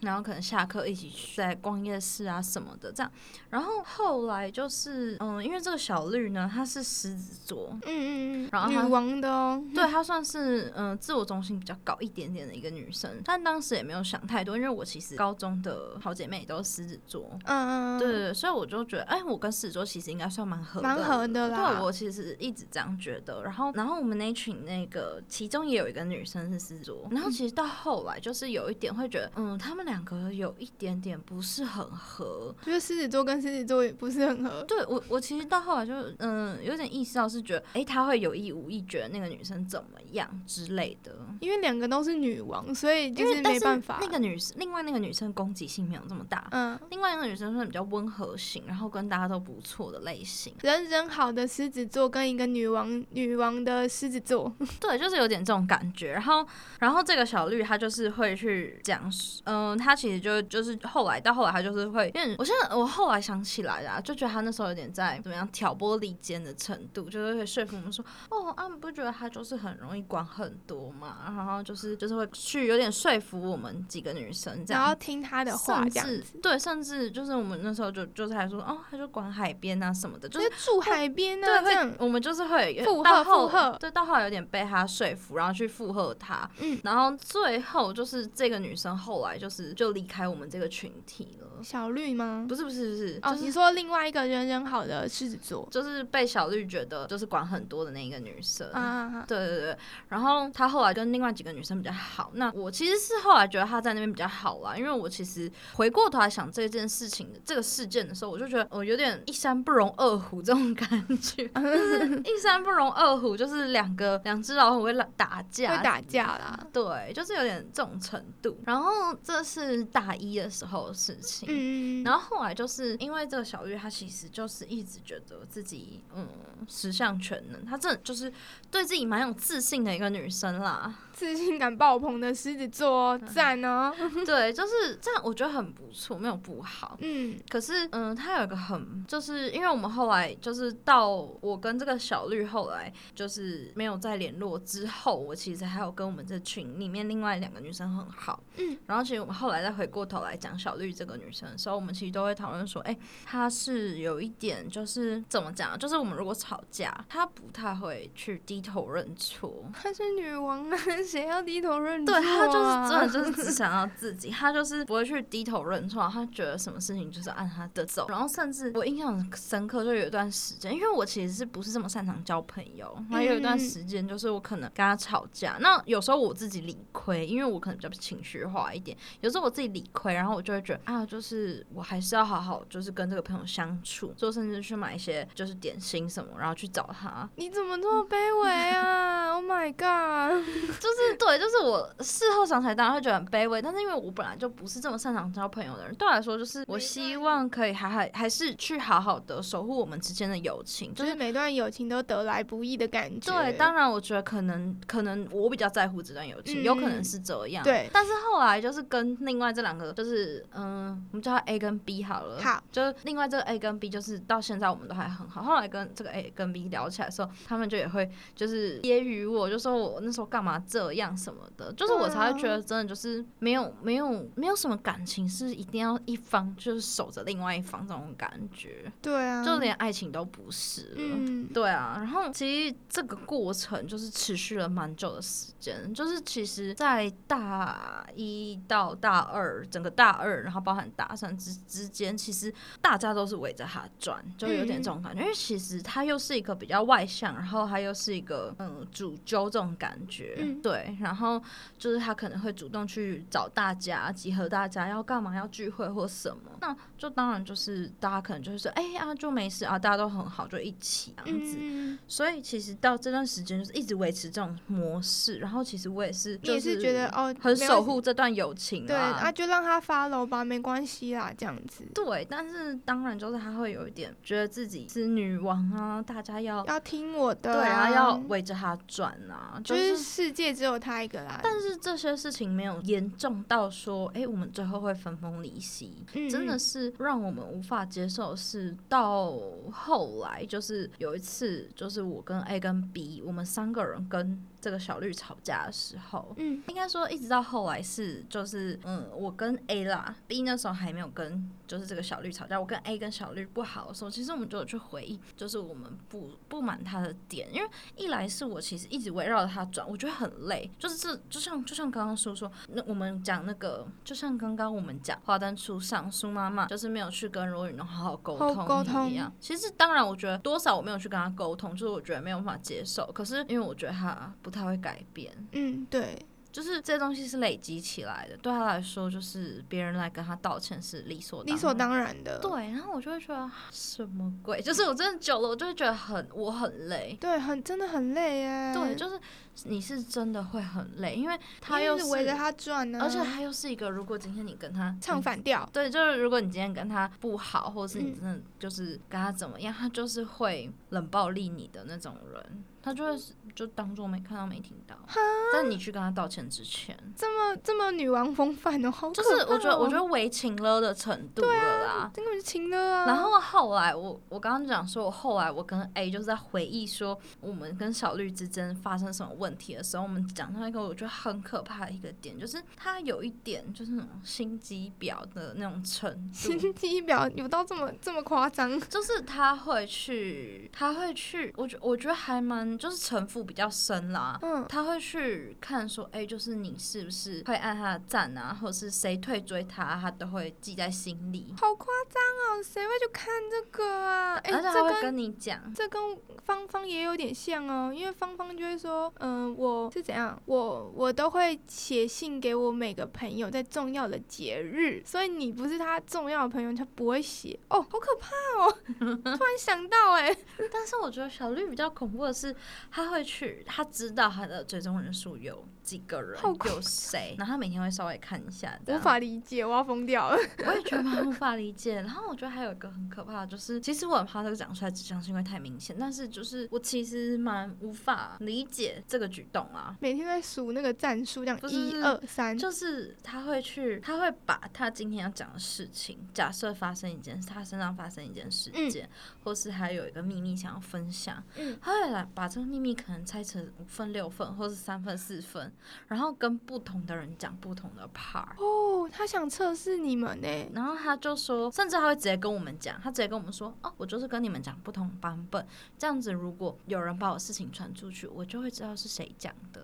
然後可能下課一起去在逛夜市啊什麼的這樣，然後後來就是嗯、呃，因為這個小綠呢，她是獅子座，嗯嗯嗯，然後女王的哦，對，她算是嗯、呃、自我中心比較高一點點的一個女生，但當時也沒有想太多，因為我其實高中的好姐妹都是獅子座，嗯嗯對，所以我就覺得哎，我跟獅子座其實應該算蠻合的蠻合的啦，對，我其實一直這樣覺得，然後然後我們那群那個其中也有一個女生是獅子座，然後其實到後來就是有一點會覺得嗯她。他們兩個有一點點不是很合，就是獅子座跟獅子座也不是很合。對，我，我其實到後來就嗯、呃，有點意識到是覺得，哎、欸，他會有意無意覺得那個女生怎麼樣之類的。因為兩個都是女王，所以就是沒辦法。那個女生，另外那個女生攻擊性沒有這麼大。嗯，另外一個女生算比較溫和型，然後跟大家都不錯的類型。人人好的獅子座跟一個女王，女王的獅子座。 [LAUGHS] 對，就是有點這種感覺。然後，然後這個小綠她就是會去講，嗯、呃。嗯，她其實就就是後來到後來，她就是會，因為我現在我後來想起來啦、啊，就覺得她那時候有點在怎麼樣挑撥離間的程度，就是會說服我們說，哦，啊、你不覺得她就是很容易管很多嗎？然後就是就是會去有點說服我們幾個女生這樣，然後聽她的話是這樣。對，甚至就是我們那時候就就是還說，哦，她就管海邊啊什麼的，就是、就是、住海邊啊，對，這樣，我們就是會附和附和到後，對，到後來有點被她說服，然後去附和她、嗯，然後最後就是這個女生後來就是。就離開我們這個群體了，小綠嗎？不是不是不是哦，你說另外一個人人好的獅子座，就是被小綠覺得就是管很多的那一個女生，啊，啊，啊對對對，然後她後來跟另外幾個女生比較好，那我其實是後來覺得她在那邊比較好啦，因為我其實回過頭來想這件事情這個事件的時候，我就覺得我有點一山不容二虎這種感覺， [LAUGHS] 就是一山不容二虎，就是兩個兩隻老虎會打架，會打架啦，對，就是有點這種程度，然後這。這是大一的時候的事情，嗯，然後後來就是因為這個小玉，她其實就是一直覺得自己嗯，十項全能，她真的就是對自己蠻有自信的一個女生啦。自信感爆棚的獅子座，讚喔！ [LAUGHS] 對，就是這樣，我覺得很不錯，沒有不好。嗯，可是，嗯、呃，他有一個很，就是因為我們後來，就是到我跟這個小綠後來就是沒有再聯絡之後，我其實還有跟我們這群裡面另外兩個女生很好。嗯，然後其實我們後來再回過頭來講小綠這個女生的時候，我們其實都會討論說，哎、欸，她是有一點，就是怎麼講，就是我們如果吵架，她不太會去低頭認錯，她是女王啊。誰要低頭認錯啊？對，他就是真的就是只想要自己，他就是不會去低頭認錯，他覺得什麼事情就是按他的走。然後甚至我印象很深刻，就有一段時間，因為我其實是不是這麼擅長交朋友，嗯、還有一段時間就是我可能跟他吵架，嗯、那有時候我自己理虧，因為我可能比較情緒化一點，有時候我自己理虧，然後我就會覺得啊，就是我還是要好好就是跟這個朋友相處，就甚至去買一些就是點心什麼，然後去找他。你怎麼這麼卑微啊 [LAUGHS] ？Oh my god，就是。 [LAUGHS] [LAUGHS] 對，就是我事後想起來當然會覺得很卑微，但是因為我本來就不是這麼擅長交朋友的人，對我來說就是我希望可以還還還是去好好的守護我們之間的友情，就是每段友情都得來不易的感覺。 [LAUGHS] 對，當然我覺得可能可能我比較在乎這段友情、嗯，有可能是這樣。對，但是後來就是跟另外這兩個就是嗯，我們叫他 A 跟 B 好了，好，就是、另外這個 A 跟 B 就是到現在我們都還很好。後來跟這個 A 跟 B 聊起來的時候，他們就也會就是揶揄我，就說我那時候幹嘛這。樣什麼的，就是我才會覺得真的就是沒有沒有沒有什麼感情是一定要一方就是守着另外一方這種感覺，對啊，就連愛情都不是了，嗯，對啊。然後其實這個過程就是持續了蠻久的時間，就是其實在大一到大二，整個大二，然後包含大三之之間，其實大家都是圍着他轉，就有點這種感覺，嗯。因為其實他又是一個比較外向，然後他又是一個嗯主揪這種感覺，對，嗯。對，然後就是他可能會主動去找大家，集合大家要幹嘛，要聚會或什麼，那就當然就是大家可能就是說，哎、欸、呀、啊，就沒事啊，大家都很好，就一起這樣子、嗯。所以其實到這段時間就是一直維持這種模式，然後其實我也是，也是覺得哦，很守護這段友情、啊哦，對啊，就讓他發牢吧，沒關係啦，這樣子。對，但是當然就是他會有一點覺得自己是女王啊，大家要要聽我的、啊，對啊，要圍着他轉啊，就是、就是、世界。只有他一個啦，但是這些事情沒有嚴重到說，哎、欸，我們最後會分崩離析、嗯，真的是讓我們無法接受是。是到後來，就是有一次，就是我跟 A 跟 B，我們三個人跟。這個小綠吵架的時候，嗯，應該說一直到後來是，就是，嗯，我跟 A 啦，B 那時候還沒有跟，就是這個小綠吵架。我跟 A 跟小綠不好的時候，其實我們就有去回憶，就是我們不不滿他的點，因為一來是我其實一直圍繞着他轉，我覺得很累。就是這就像就像剛剛說說，那我們講那個，就像剛剛我們講華燈初上，蘇媽媽就是沒有去跟羅雨儂好好溝通好溝通一樣。其實當然，我覺得多少我沒有去跟他溝通，就是我覺得沒有辦法接受。可是因為我覺得他不。他會改變，嗯，對，就是這東西是累積起來的。對他來說，就是別人來跟他道歉是理所當理所當然的。對，然後我就會覺得什麼鬼？就是我真的久了，我就會覺得很，我很累，對，很真的很累耶、欸。對，就是。你是真的會很累，因為他又是圍着他轉呢，而且他又是一個，如果今天你跟他唱反調、嗯，對，就是如果你今天跟他不好，或者是你真的就是跟他怎麼樣、嗯，他就是會冷暴力你的那種人，他就是就當作沒看到沒聽到哈。在你去跟他道歉之前，這麼這麼女王風範哦，好可怕哦，就是我覺得我覺得為情了的程度了啦，根本就情了啊。然後後來我我剛剛講說我後來我跟 A 就是在回憶說我們跟小綠之間發生什麼問題的時候，我們講到一個我覺得很可怕的一個點，就是他有一點就是那種心機婊的那種程度。心機婊有到這麼這麼誇張？就是他會去，他會去，我覺我覺得還蠻就是城府比較深啦。嗯，他會去看說，哎、欸，就是你是不是會按他的讚啊，或者是誰退追他，他都會記在心裡。好誇張哦！誰會去看這個啊？哎、欸這個，這他會跟你講，這跟芳芳也有點像哦，因為芳芳就會說，嗯。嗯，我是怎樣？我我都會寫信給我每個朋友，在重要的節日。所以你不是他重要的朋友，他不會寫。哦，好可怕哦！ [LAUGHS] 突然想到、欸，哎， [LAUGHS] 但是我覺得小綠比較恐怖的是，他會去，他知道他的最終人數有幾個人有誰？然後他每天會稍微看一下，無法理解，我要瘋掉了。我也覺得蠻無法理解。 [LAUGHS] 然後我覺得還有一個很可怕，就是其實我很怕這個講出來指向性，因為太明顯。但是就是我其實蠻無法理解這個舉動啊。每天在數那個讚數，這、就是、一二三，就是他會去，他會把他今天要講的事情，假設發生一件，他身上發生一件事件、嗯，或是還有一個祕密想要分享，嗯，他會來把這個祕密可能拆成五份、六份，或是三份、四份。然後跟不同的人講不同的 part 哦，他想測試你們呢。然後他就說，甚至他會直接跟我們講，他直接跟我們說，哦，我就是跟你們講不同版本，這樣子如果有人把我事情傳出去，我就會知道是誰講的。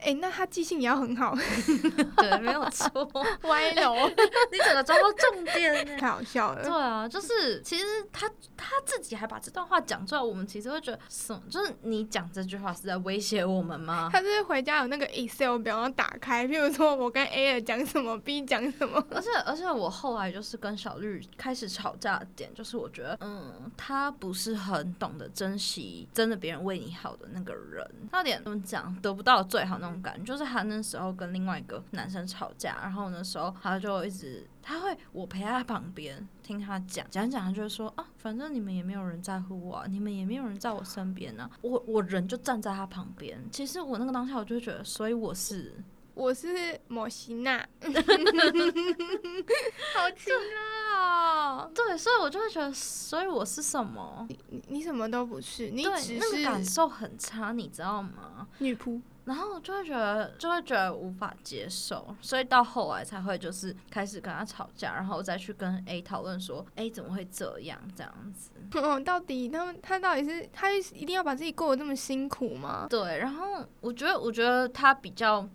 哎，那他記性也要很好。 [LAUGHS] [LAUGHS] 對，沒有錯。歪樓， [LAUGHS] 你怎麼抓到重點呢？太好笑的。對啊，就是其實他他自己還把這段話講出來，我們其實會覺得，什麼就是你講這句話是在威脅我們嗎？他就是回家有那個、A 表要打開，譬如說我跟 A 講什麼，B 講什麼，而且而且我後來就是跟小綠開始吵架的點，就是我覺得嗯，他不是很懂得珍惜真的別人為你好的那個人，到底怎麼講，得不到最好那種感覺，就是他那時候跟另外一個男生吵架，然後那時候他就一直。他會，我陪在他旁邊聽他講，講講他就會說啊，反正你們也沒有人在乎我，啊，你們也沒有人在我身邊呢，啊。我我人就站在他旁邊。其實我那個當下，我就覺得，所以我是，我是莫西娜，好絕啊，哦！對，所以我就會覺得，所以我是什麼？你你什麼都不是，你只是，對那個感受很差，你知道嗎？女僕。然後我就會覺得，就會覺得無法接受，所以到後來才會就是開始跟他吵架，然後再去跟 A 討論說，誒怎麼會這樣，這樣子？嗯、哦，到底他們他到底是他一定要把自己過得這麼辛苦嗎？對，然後我覺得，我覺得他比較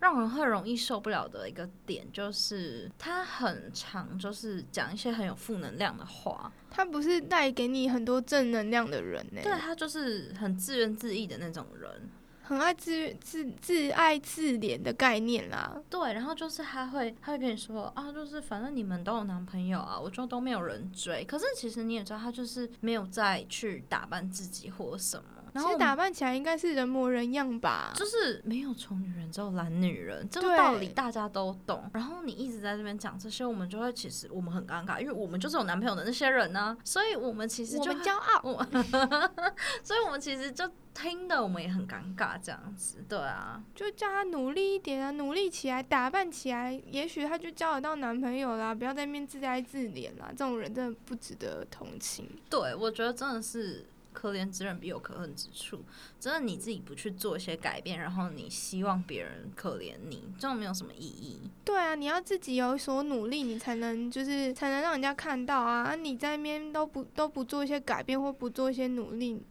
讓人會容易受不了的一個點，就是他很常就是講一些很有負能量的話。他不是帶給你很多正能量的人呢？對，他就是很自怨自艾的那種人。很愛自自自愛自憐的概念啦，對，然後就是他會，他會跟你說啊，就是反正你們都有男朋友啊，我就都沒有人追。可是其實你也知道，他就是沒有再去打扮自己或什麼。其實打扮起來應該是人模人樣吧，就是沒有醜女人，只有懶女人，這個道理大家都懂。然後你一直在這邊講這些，我們就會其實我們很尷尬，因為我們就是有男朋友的那些人呢、啊，所以我們其實就驕傲 [LAUGHS] [LAUGHS] 所以我們其實就聽得我們也很尷尬這樣子，對啊，就叫他努力一點啊，努力起來，打扮起來，也許他就交得到男朋友啦，不要在那邊自哀自憐啦，這種人真的不值得同情。對，我覺得真的是。可憐之人必有可恨之處，真的你自己不去做一些改變，然後你希望別人可憐你，這種沒有什麼意義。對啊，你要自己有所努力，你才能就是才能讓人家看到啊！你在那邊都不都不做一些改變或不做一些努力，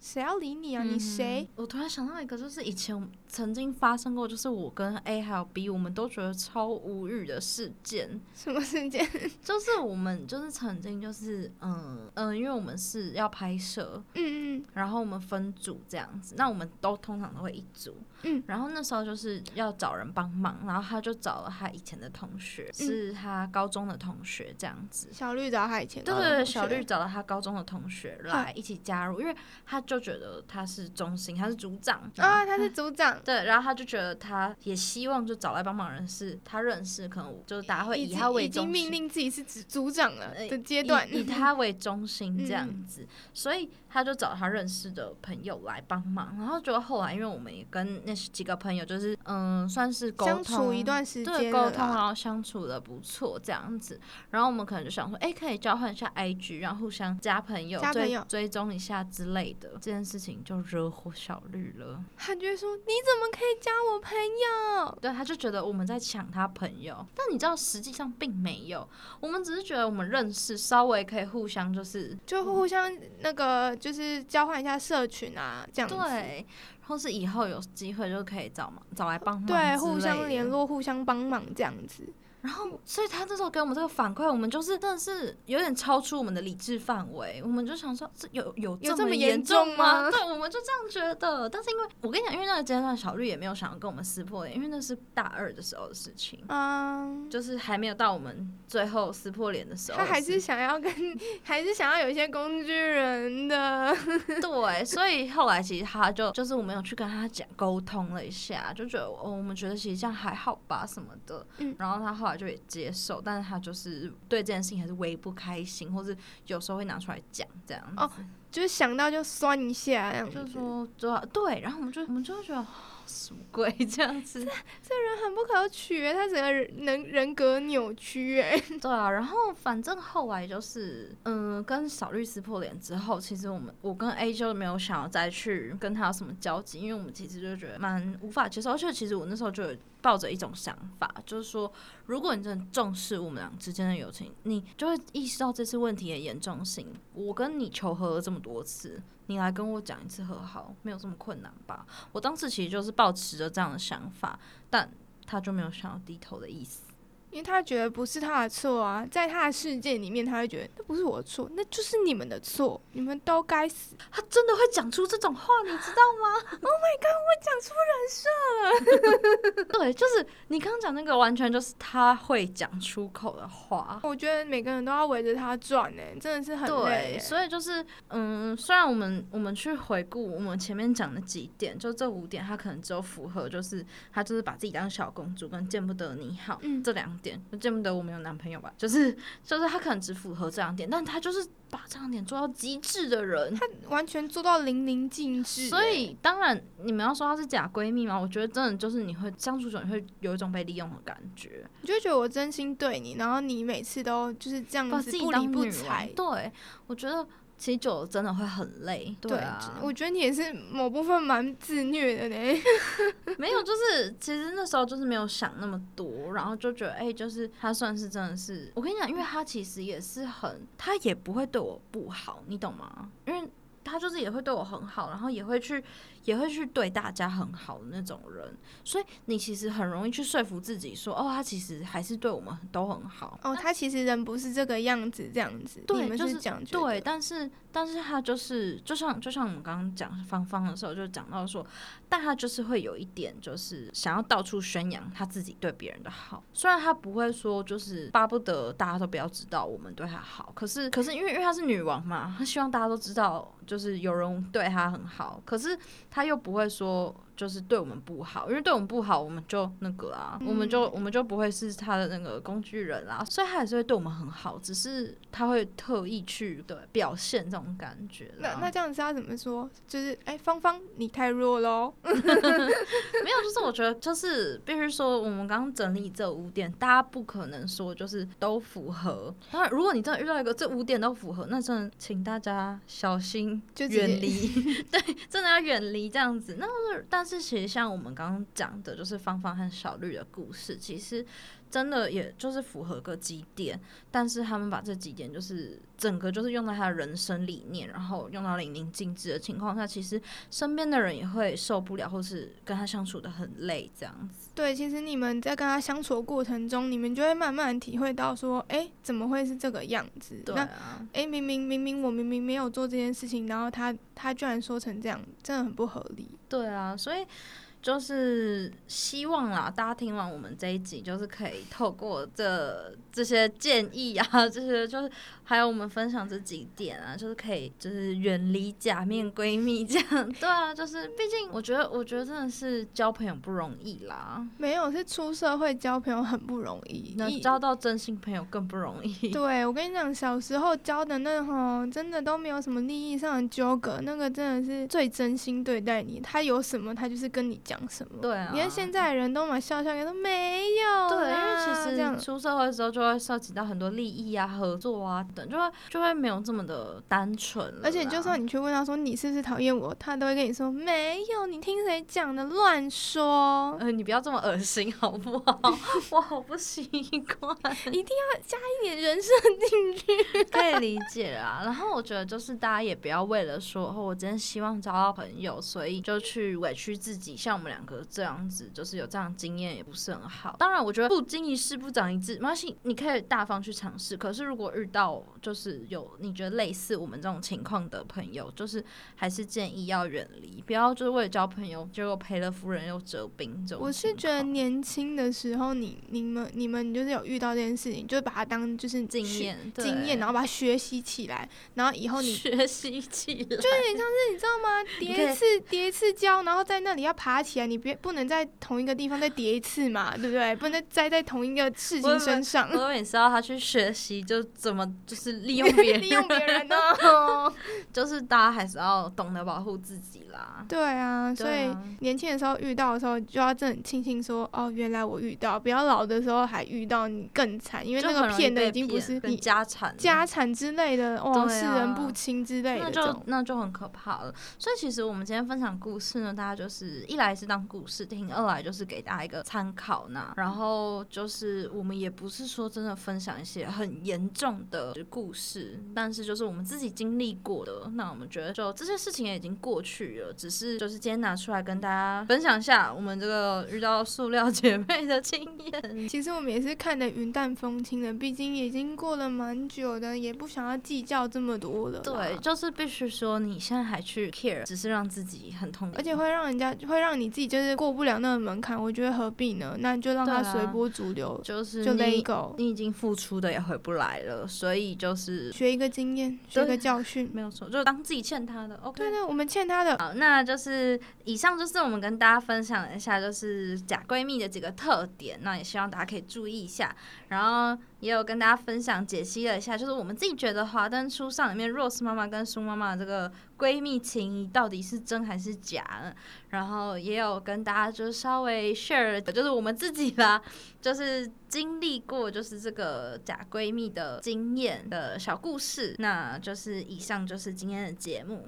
誰要理你啊？你誰？嗯，我突然想到一個，就是以前。曾經發生過，就是我跟 A 還有 B，我們都覺得超無語的事件。什麼事件？就是我們就是曾經就是嗯嗯，因為我們是要拍攝，嗯嗯，然後我們分組這樣子，那我們都通常都會一組，嗯，然後那時候就是要找人幫忙，然後他就找了他以前的同學，嗯、是他高中的同學這樣子。小綠找他以前的同學，對對對，小綠找了他高中的同學來一起加入，因為他就覺得他是中心，他是組長啊、哦，他是組長。嗯對，然後他就覺得他也希望就找來幫忙人是他認識，可能就是大家會以他為中心，已經命令自己是組長了的階段，以，以他為中心這樣子，嗯、所以。他就找他認識的朋友來幫忙，然後就後來，因為我們也跟那幾個朋友就是，嗯，算是溝通，相處一段時間，對，溝通，然後相處的不錯，這樣子，然後我們可能就想說，哎、欸，可以交換一下 IG，然後互相加朋友，加朋友，追蹤一下之類的，這件事情就惹火小綠了。他就說：“你怎麼可以加我朋友？”對，他就覺得我們在搶他朋友，但你知道實際上並沒有，我們只是覺得我們認識，稍微可以互相就是，就互相那個。嗯就是交換一下社群啊，這樣子。對，或是以後有機會就可以找嘛，找來幫忙。對，互相聯絡，互相幫忙這樣子。然後，所以他這時候給我們這個反饋，我們就是但是有點超出我們的理智範圍。我們就想說，這有有這，有這麼嚴重嗎？對，我們就這樣覺得。但是因為我跟你講，因為那個階段小綠也沒有想要跟我們撕破臉，因為那是大二的時候的事情，嗯，就是還沒有到我們最後撕破臉的時候。他還是想要跟，還是想要有一些工具人的。 [LAUGHS] 對，所以後來其實他就就是我們有去跟他講溝通了一下，就覺得、哦、我們覺得其實這樣還好吧什麼的。嗯、然後他後來。就也接受，但是他就是對這件事情還是微不開心，或是有時候會拿出來講這樣子。哦，就是想到就酸一下，啊，就說，對。然後我們就，我們就覺得。什麼鬼這樣子這，這人很不可取、欸、他整個人能人格扭曲、欸、對啊，然後反正後來就是，嗯、呃，跟小律師撕破臉之後，其實我們我跟 A 就沒有想要再去跟他有什麼交集，因為我們其實就覺得蠻無法接受，而且其實我那時候就抱着一種想法，就是說，如果你真的重視我們倆之間的友情，你就會意識到這次問題的嚴重性。我跟你求和了這麼多次。你來跟我講一次和好，沒有這麼困難吧？我當時其實就是抱持着這樣的想法，但他就沒有想要低頭的意思，因為他覺得不是他的錯啊，在他的世界裡面，他會覺得那不是我的錯，那就是你們的錯，你們都該死。他真的會講出這種話，你知道嗎 [LAUGHS] ？Oh my God，我講出人設了。 [LAUGHS] [LAUGHS] 對，就是你剛剛講那個，完全就是他會講出口的話。我覺得每個人都要圍着他轉，哎，真的是很累。所以就是，嗯，雖然我們我們去回顧我們前面講的幾點，就這五點，他可能只有符合，就是他就是把自己當小公主，跟見不得你好，嗯，這兩點，就見不得我沒有男朋友吧，就是就是他可能只符合這兩點，但他就是。把這張臉做到極致的人，他完全做到淋漓盡致、欸。所以當然，你們要說她是假閨蜜嗎？我覺得真的就是你會相處久，你會有一種被利用的感覺。你就會覺得我真心對你，然後你每次都就是這樣子不理不睬。對，我覺得。其實久了真的會很累，對，啊對，我覺得你也是某部分蠻自虐的呢。 [LAUGHS] 沒有，就是其實那時候就是沒有想那麼多，然後就覺得誒、欸，就是他算是真的是，我跟你講，因為他其實也是很，他也不會對我不好，你懂嗎？因為他就是也會對我很好，然後也會去。也會去對大家很好的那種人，所以你其實很容易去說服自己說，哦，他其實還是對我們都很好。哦，他其實人不是這個樣子，這樣子，對你們是講對，但是，但是他就是，就像，就像我們剛剛講芳芳的時候，就講到說，但他就是會有一點，就是想要到處宣揚他自己對別人的好。雖然他不會說，就是巴不得大家都不要知道我們對他好，可是，可是因為因為他是女王嘛，他希望大家都知道，就是有人對他很好，可是。他又不會說。就是對我們不好，因為對我們不好，我們就那個啊，嗯、我們就我們就不會是他的那個工具人啦、啊。所以他還是會對我們很好，只是他會特意去對表現這種感覺。那那這樣子他怎麼說？就是哎，芳、欸、芳你太弱咯。 [LAUGHS] 沒有，就是我覺得就是必須說，我們剛剛整理這五點，大家不可能說就是都符合。當然如果你真的遇到一個這五點都符合，那真的請大家小心遠離，就 [LAUGHS] 對，真的要遠離這樣子。那但是但是，其實像我們剛剛講的，就是芳芳和小綠的故事，其實。真的也就是符合個幾點，但是他們把這幾點就是整個就是用在他的人生理念，然後用到淋漓盡致的情況下，其實身邊的人也會受不了，或是跟他相處得很累這樣子。對，其實你們在跟他相處的過程中，你們就會慢慢體會到說，哎、欸，怎麼會是這個樣子？對啊、那哎、欸，明明明明我明明沒有做這件事情，然後他他居然說成這樣，真的很不合理。對啊，所以。就是希望啦，大家聽完我們這一集，就是可以透過這這些建議啊，這些就是。還有我們分享這幾點啊，就是可以，就是遠離假面閨蜜這樣。 [LAUGHS] 對啊，就是畢竟我覺得，我覺得真的是交朋友不容易啦。沒有，是出社會交朋友很不容易，能交到真心朋友更不容易。 [LAUGHS] 對，我跟你講，小時候交的那哈、個，真的都沒有什麼利益上的糾葛，那個真的是最真心對待你，他有什麼，他就是跟你講什麼。對啊。你看現在人都嘛，笑笑都沒有、啊。對，因為其實這樣出社會的時候就會涉及到很多利益啊，合作啊。就會就會沒有這麼的單純，而且就算你去問他說你是不是討厭我，他都會跟你說沒有，你聽誰講的亂說。呃，你不要這麼噁心好不好？ [LAUGHS] 我好不習慣， [LAUGHS] 一定要加一點人生進去，啊，可以理解啊。然後我覺得就是大家也不要為了說，哦，我真希望交到朋友，所以就去委屈自己，像我們兩個這樣子，就是有這樣經驗也不是很好。當然，我覺得不經一事不長一智，沒關係，你可以大方去嘗試。可是如果遇到就是有你覺得類似我們這種情況的朋友，就是還是建議要遠離，不要就是為了交朋友結果賠了夫人又折兵。這種我是覺得年輕的時候，你你們你們就是有遇到這件事情，就是把它當就是經驗經驗，然後把它學習起來，然後以後你學習起來，就有點像是你知道嗎？疊一次疊一次跤，然後在那裡要爬起來，你別不能在同一個地方再疊一次嘛，對不對？不能栽在，在同一個事情身上。我也，我也知道他去學習就怎麼？是利用別人、啊， [LAUGHS] 利用別別人呢、啊， [LAUGHS] 就是大家還是要懂得保護自己啦 [LAUGHS] 對、啊。對啊，所以年輕的時候遇到的時候就要很慶幸說，哦，原來我遇到，比較老的時候還遇到，你更慘，因為那個騙的已經不是你家產、家產之類的，哦、啊，是人不親之類的，那就那就很可怕了。所以其實我們今天分享故事呢，大家就是一來是當故事聽，第二來就是給大家一個參考呢、嗯。然後就是我們也不是說真的分享一些很嚴重的。故事，但是就是我們自己經歷過的，那我們覺得就這些事情也已經過去了，只是就是今天拿出來跟大家分享一下我們這個遇到塑料姐妹的經驗。其實我們也是看得雲淡風輕的，畢竟已經過了蠻久的，也不想要計較這麼多了。對，就是必須說你現在還去 care，只是讓自己很痛苦，而且會讓人家，會讓你自己就是過不了那個門檻。我覺得何必呢？那就讓它隨波逐流、啊，就是就 let go。你已經付出的也回不來了，所以。就是學一個經驗，學一個教訓，沒有錯。就當自己欠他的，OK。對對，我們欠他的。好，那就是以上就是我們跟大家分享了一下，就是假閨蜜的幾個特點。那也希望大家可以注意一下。然後也有跟大家分享解析了一下，就是我們自己覺得《華燈初上》裡面 Rose 媽媽跟蘇媽媽這個。閨蜜情誼到底是真還是假？然後也有跟大家就稍微 share 的就是我們自己吧，就是經歷過就是這個假閨蜜的經驗的小故事。那就是以上就是今天的節目。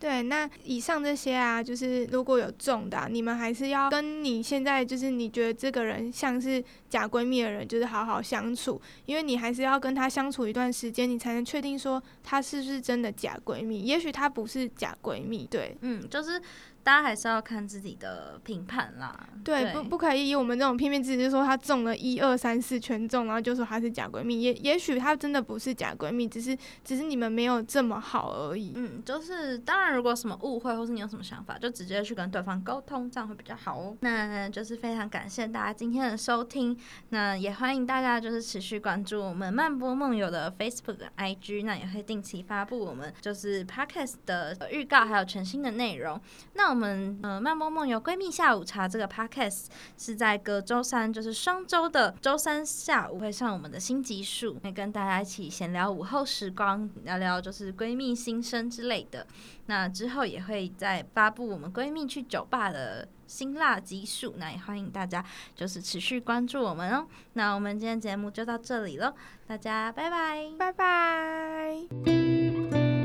對，那以上這些啊，就是如果有中的啊，你們還是要跟你現在就是你覺得這個人像是假閨蜜的人，就是好好相處，因為你還是要跟她相處一段時間，你才能確定說她是不是真的假閨蜜。也許她不是假閨蜜，對，嗯，就是。大家還是要看自己的評判啦。對，對不不可以以我們這種片面之詞就說她中了一二三四全中，然後就說她是假閨蜜。也也許她真的不是假閨蜜，只是只是你們沒有這麼好而已。嗯，就是當然，如果什麼誤會，或是你有什麼想法，就直接去跟對方溝通，這樣會比較好哦。那就是非常感謝大家今天的收聽，那也歡迎大家就是持續關注我們漫波夢遊的 Facebook、IG，那也會定期發布我們就是 Podcast 的預告還有全新的內容。那我們呃，漫波夢遊閨蜜下午茶這個 podcast 是在隔周三，就是雙周的周三下午會上我們的新集數，會跟大家一起閒聊午後時光，聊聊就是閨蜜心聲之類的。那之後也會再發布我們閨蜜去酒吧的辛辣集數，那也歡迎大家就是持續關注我們哦。那我們今天節目就到這裡嘍，大家拜拜，拜拜。 [MUSIC]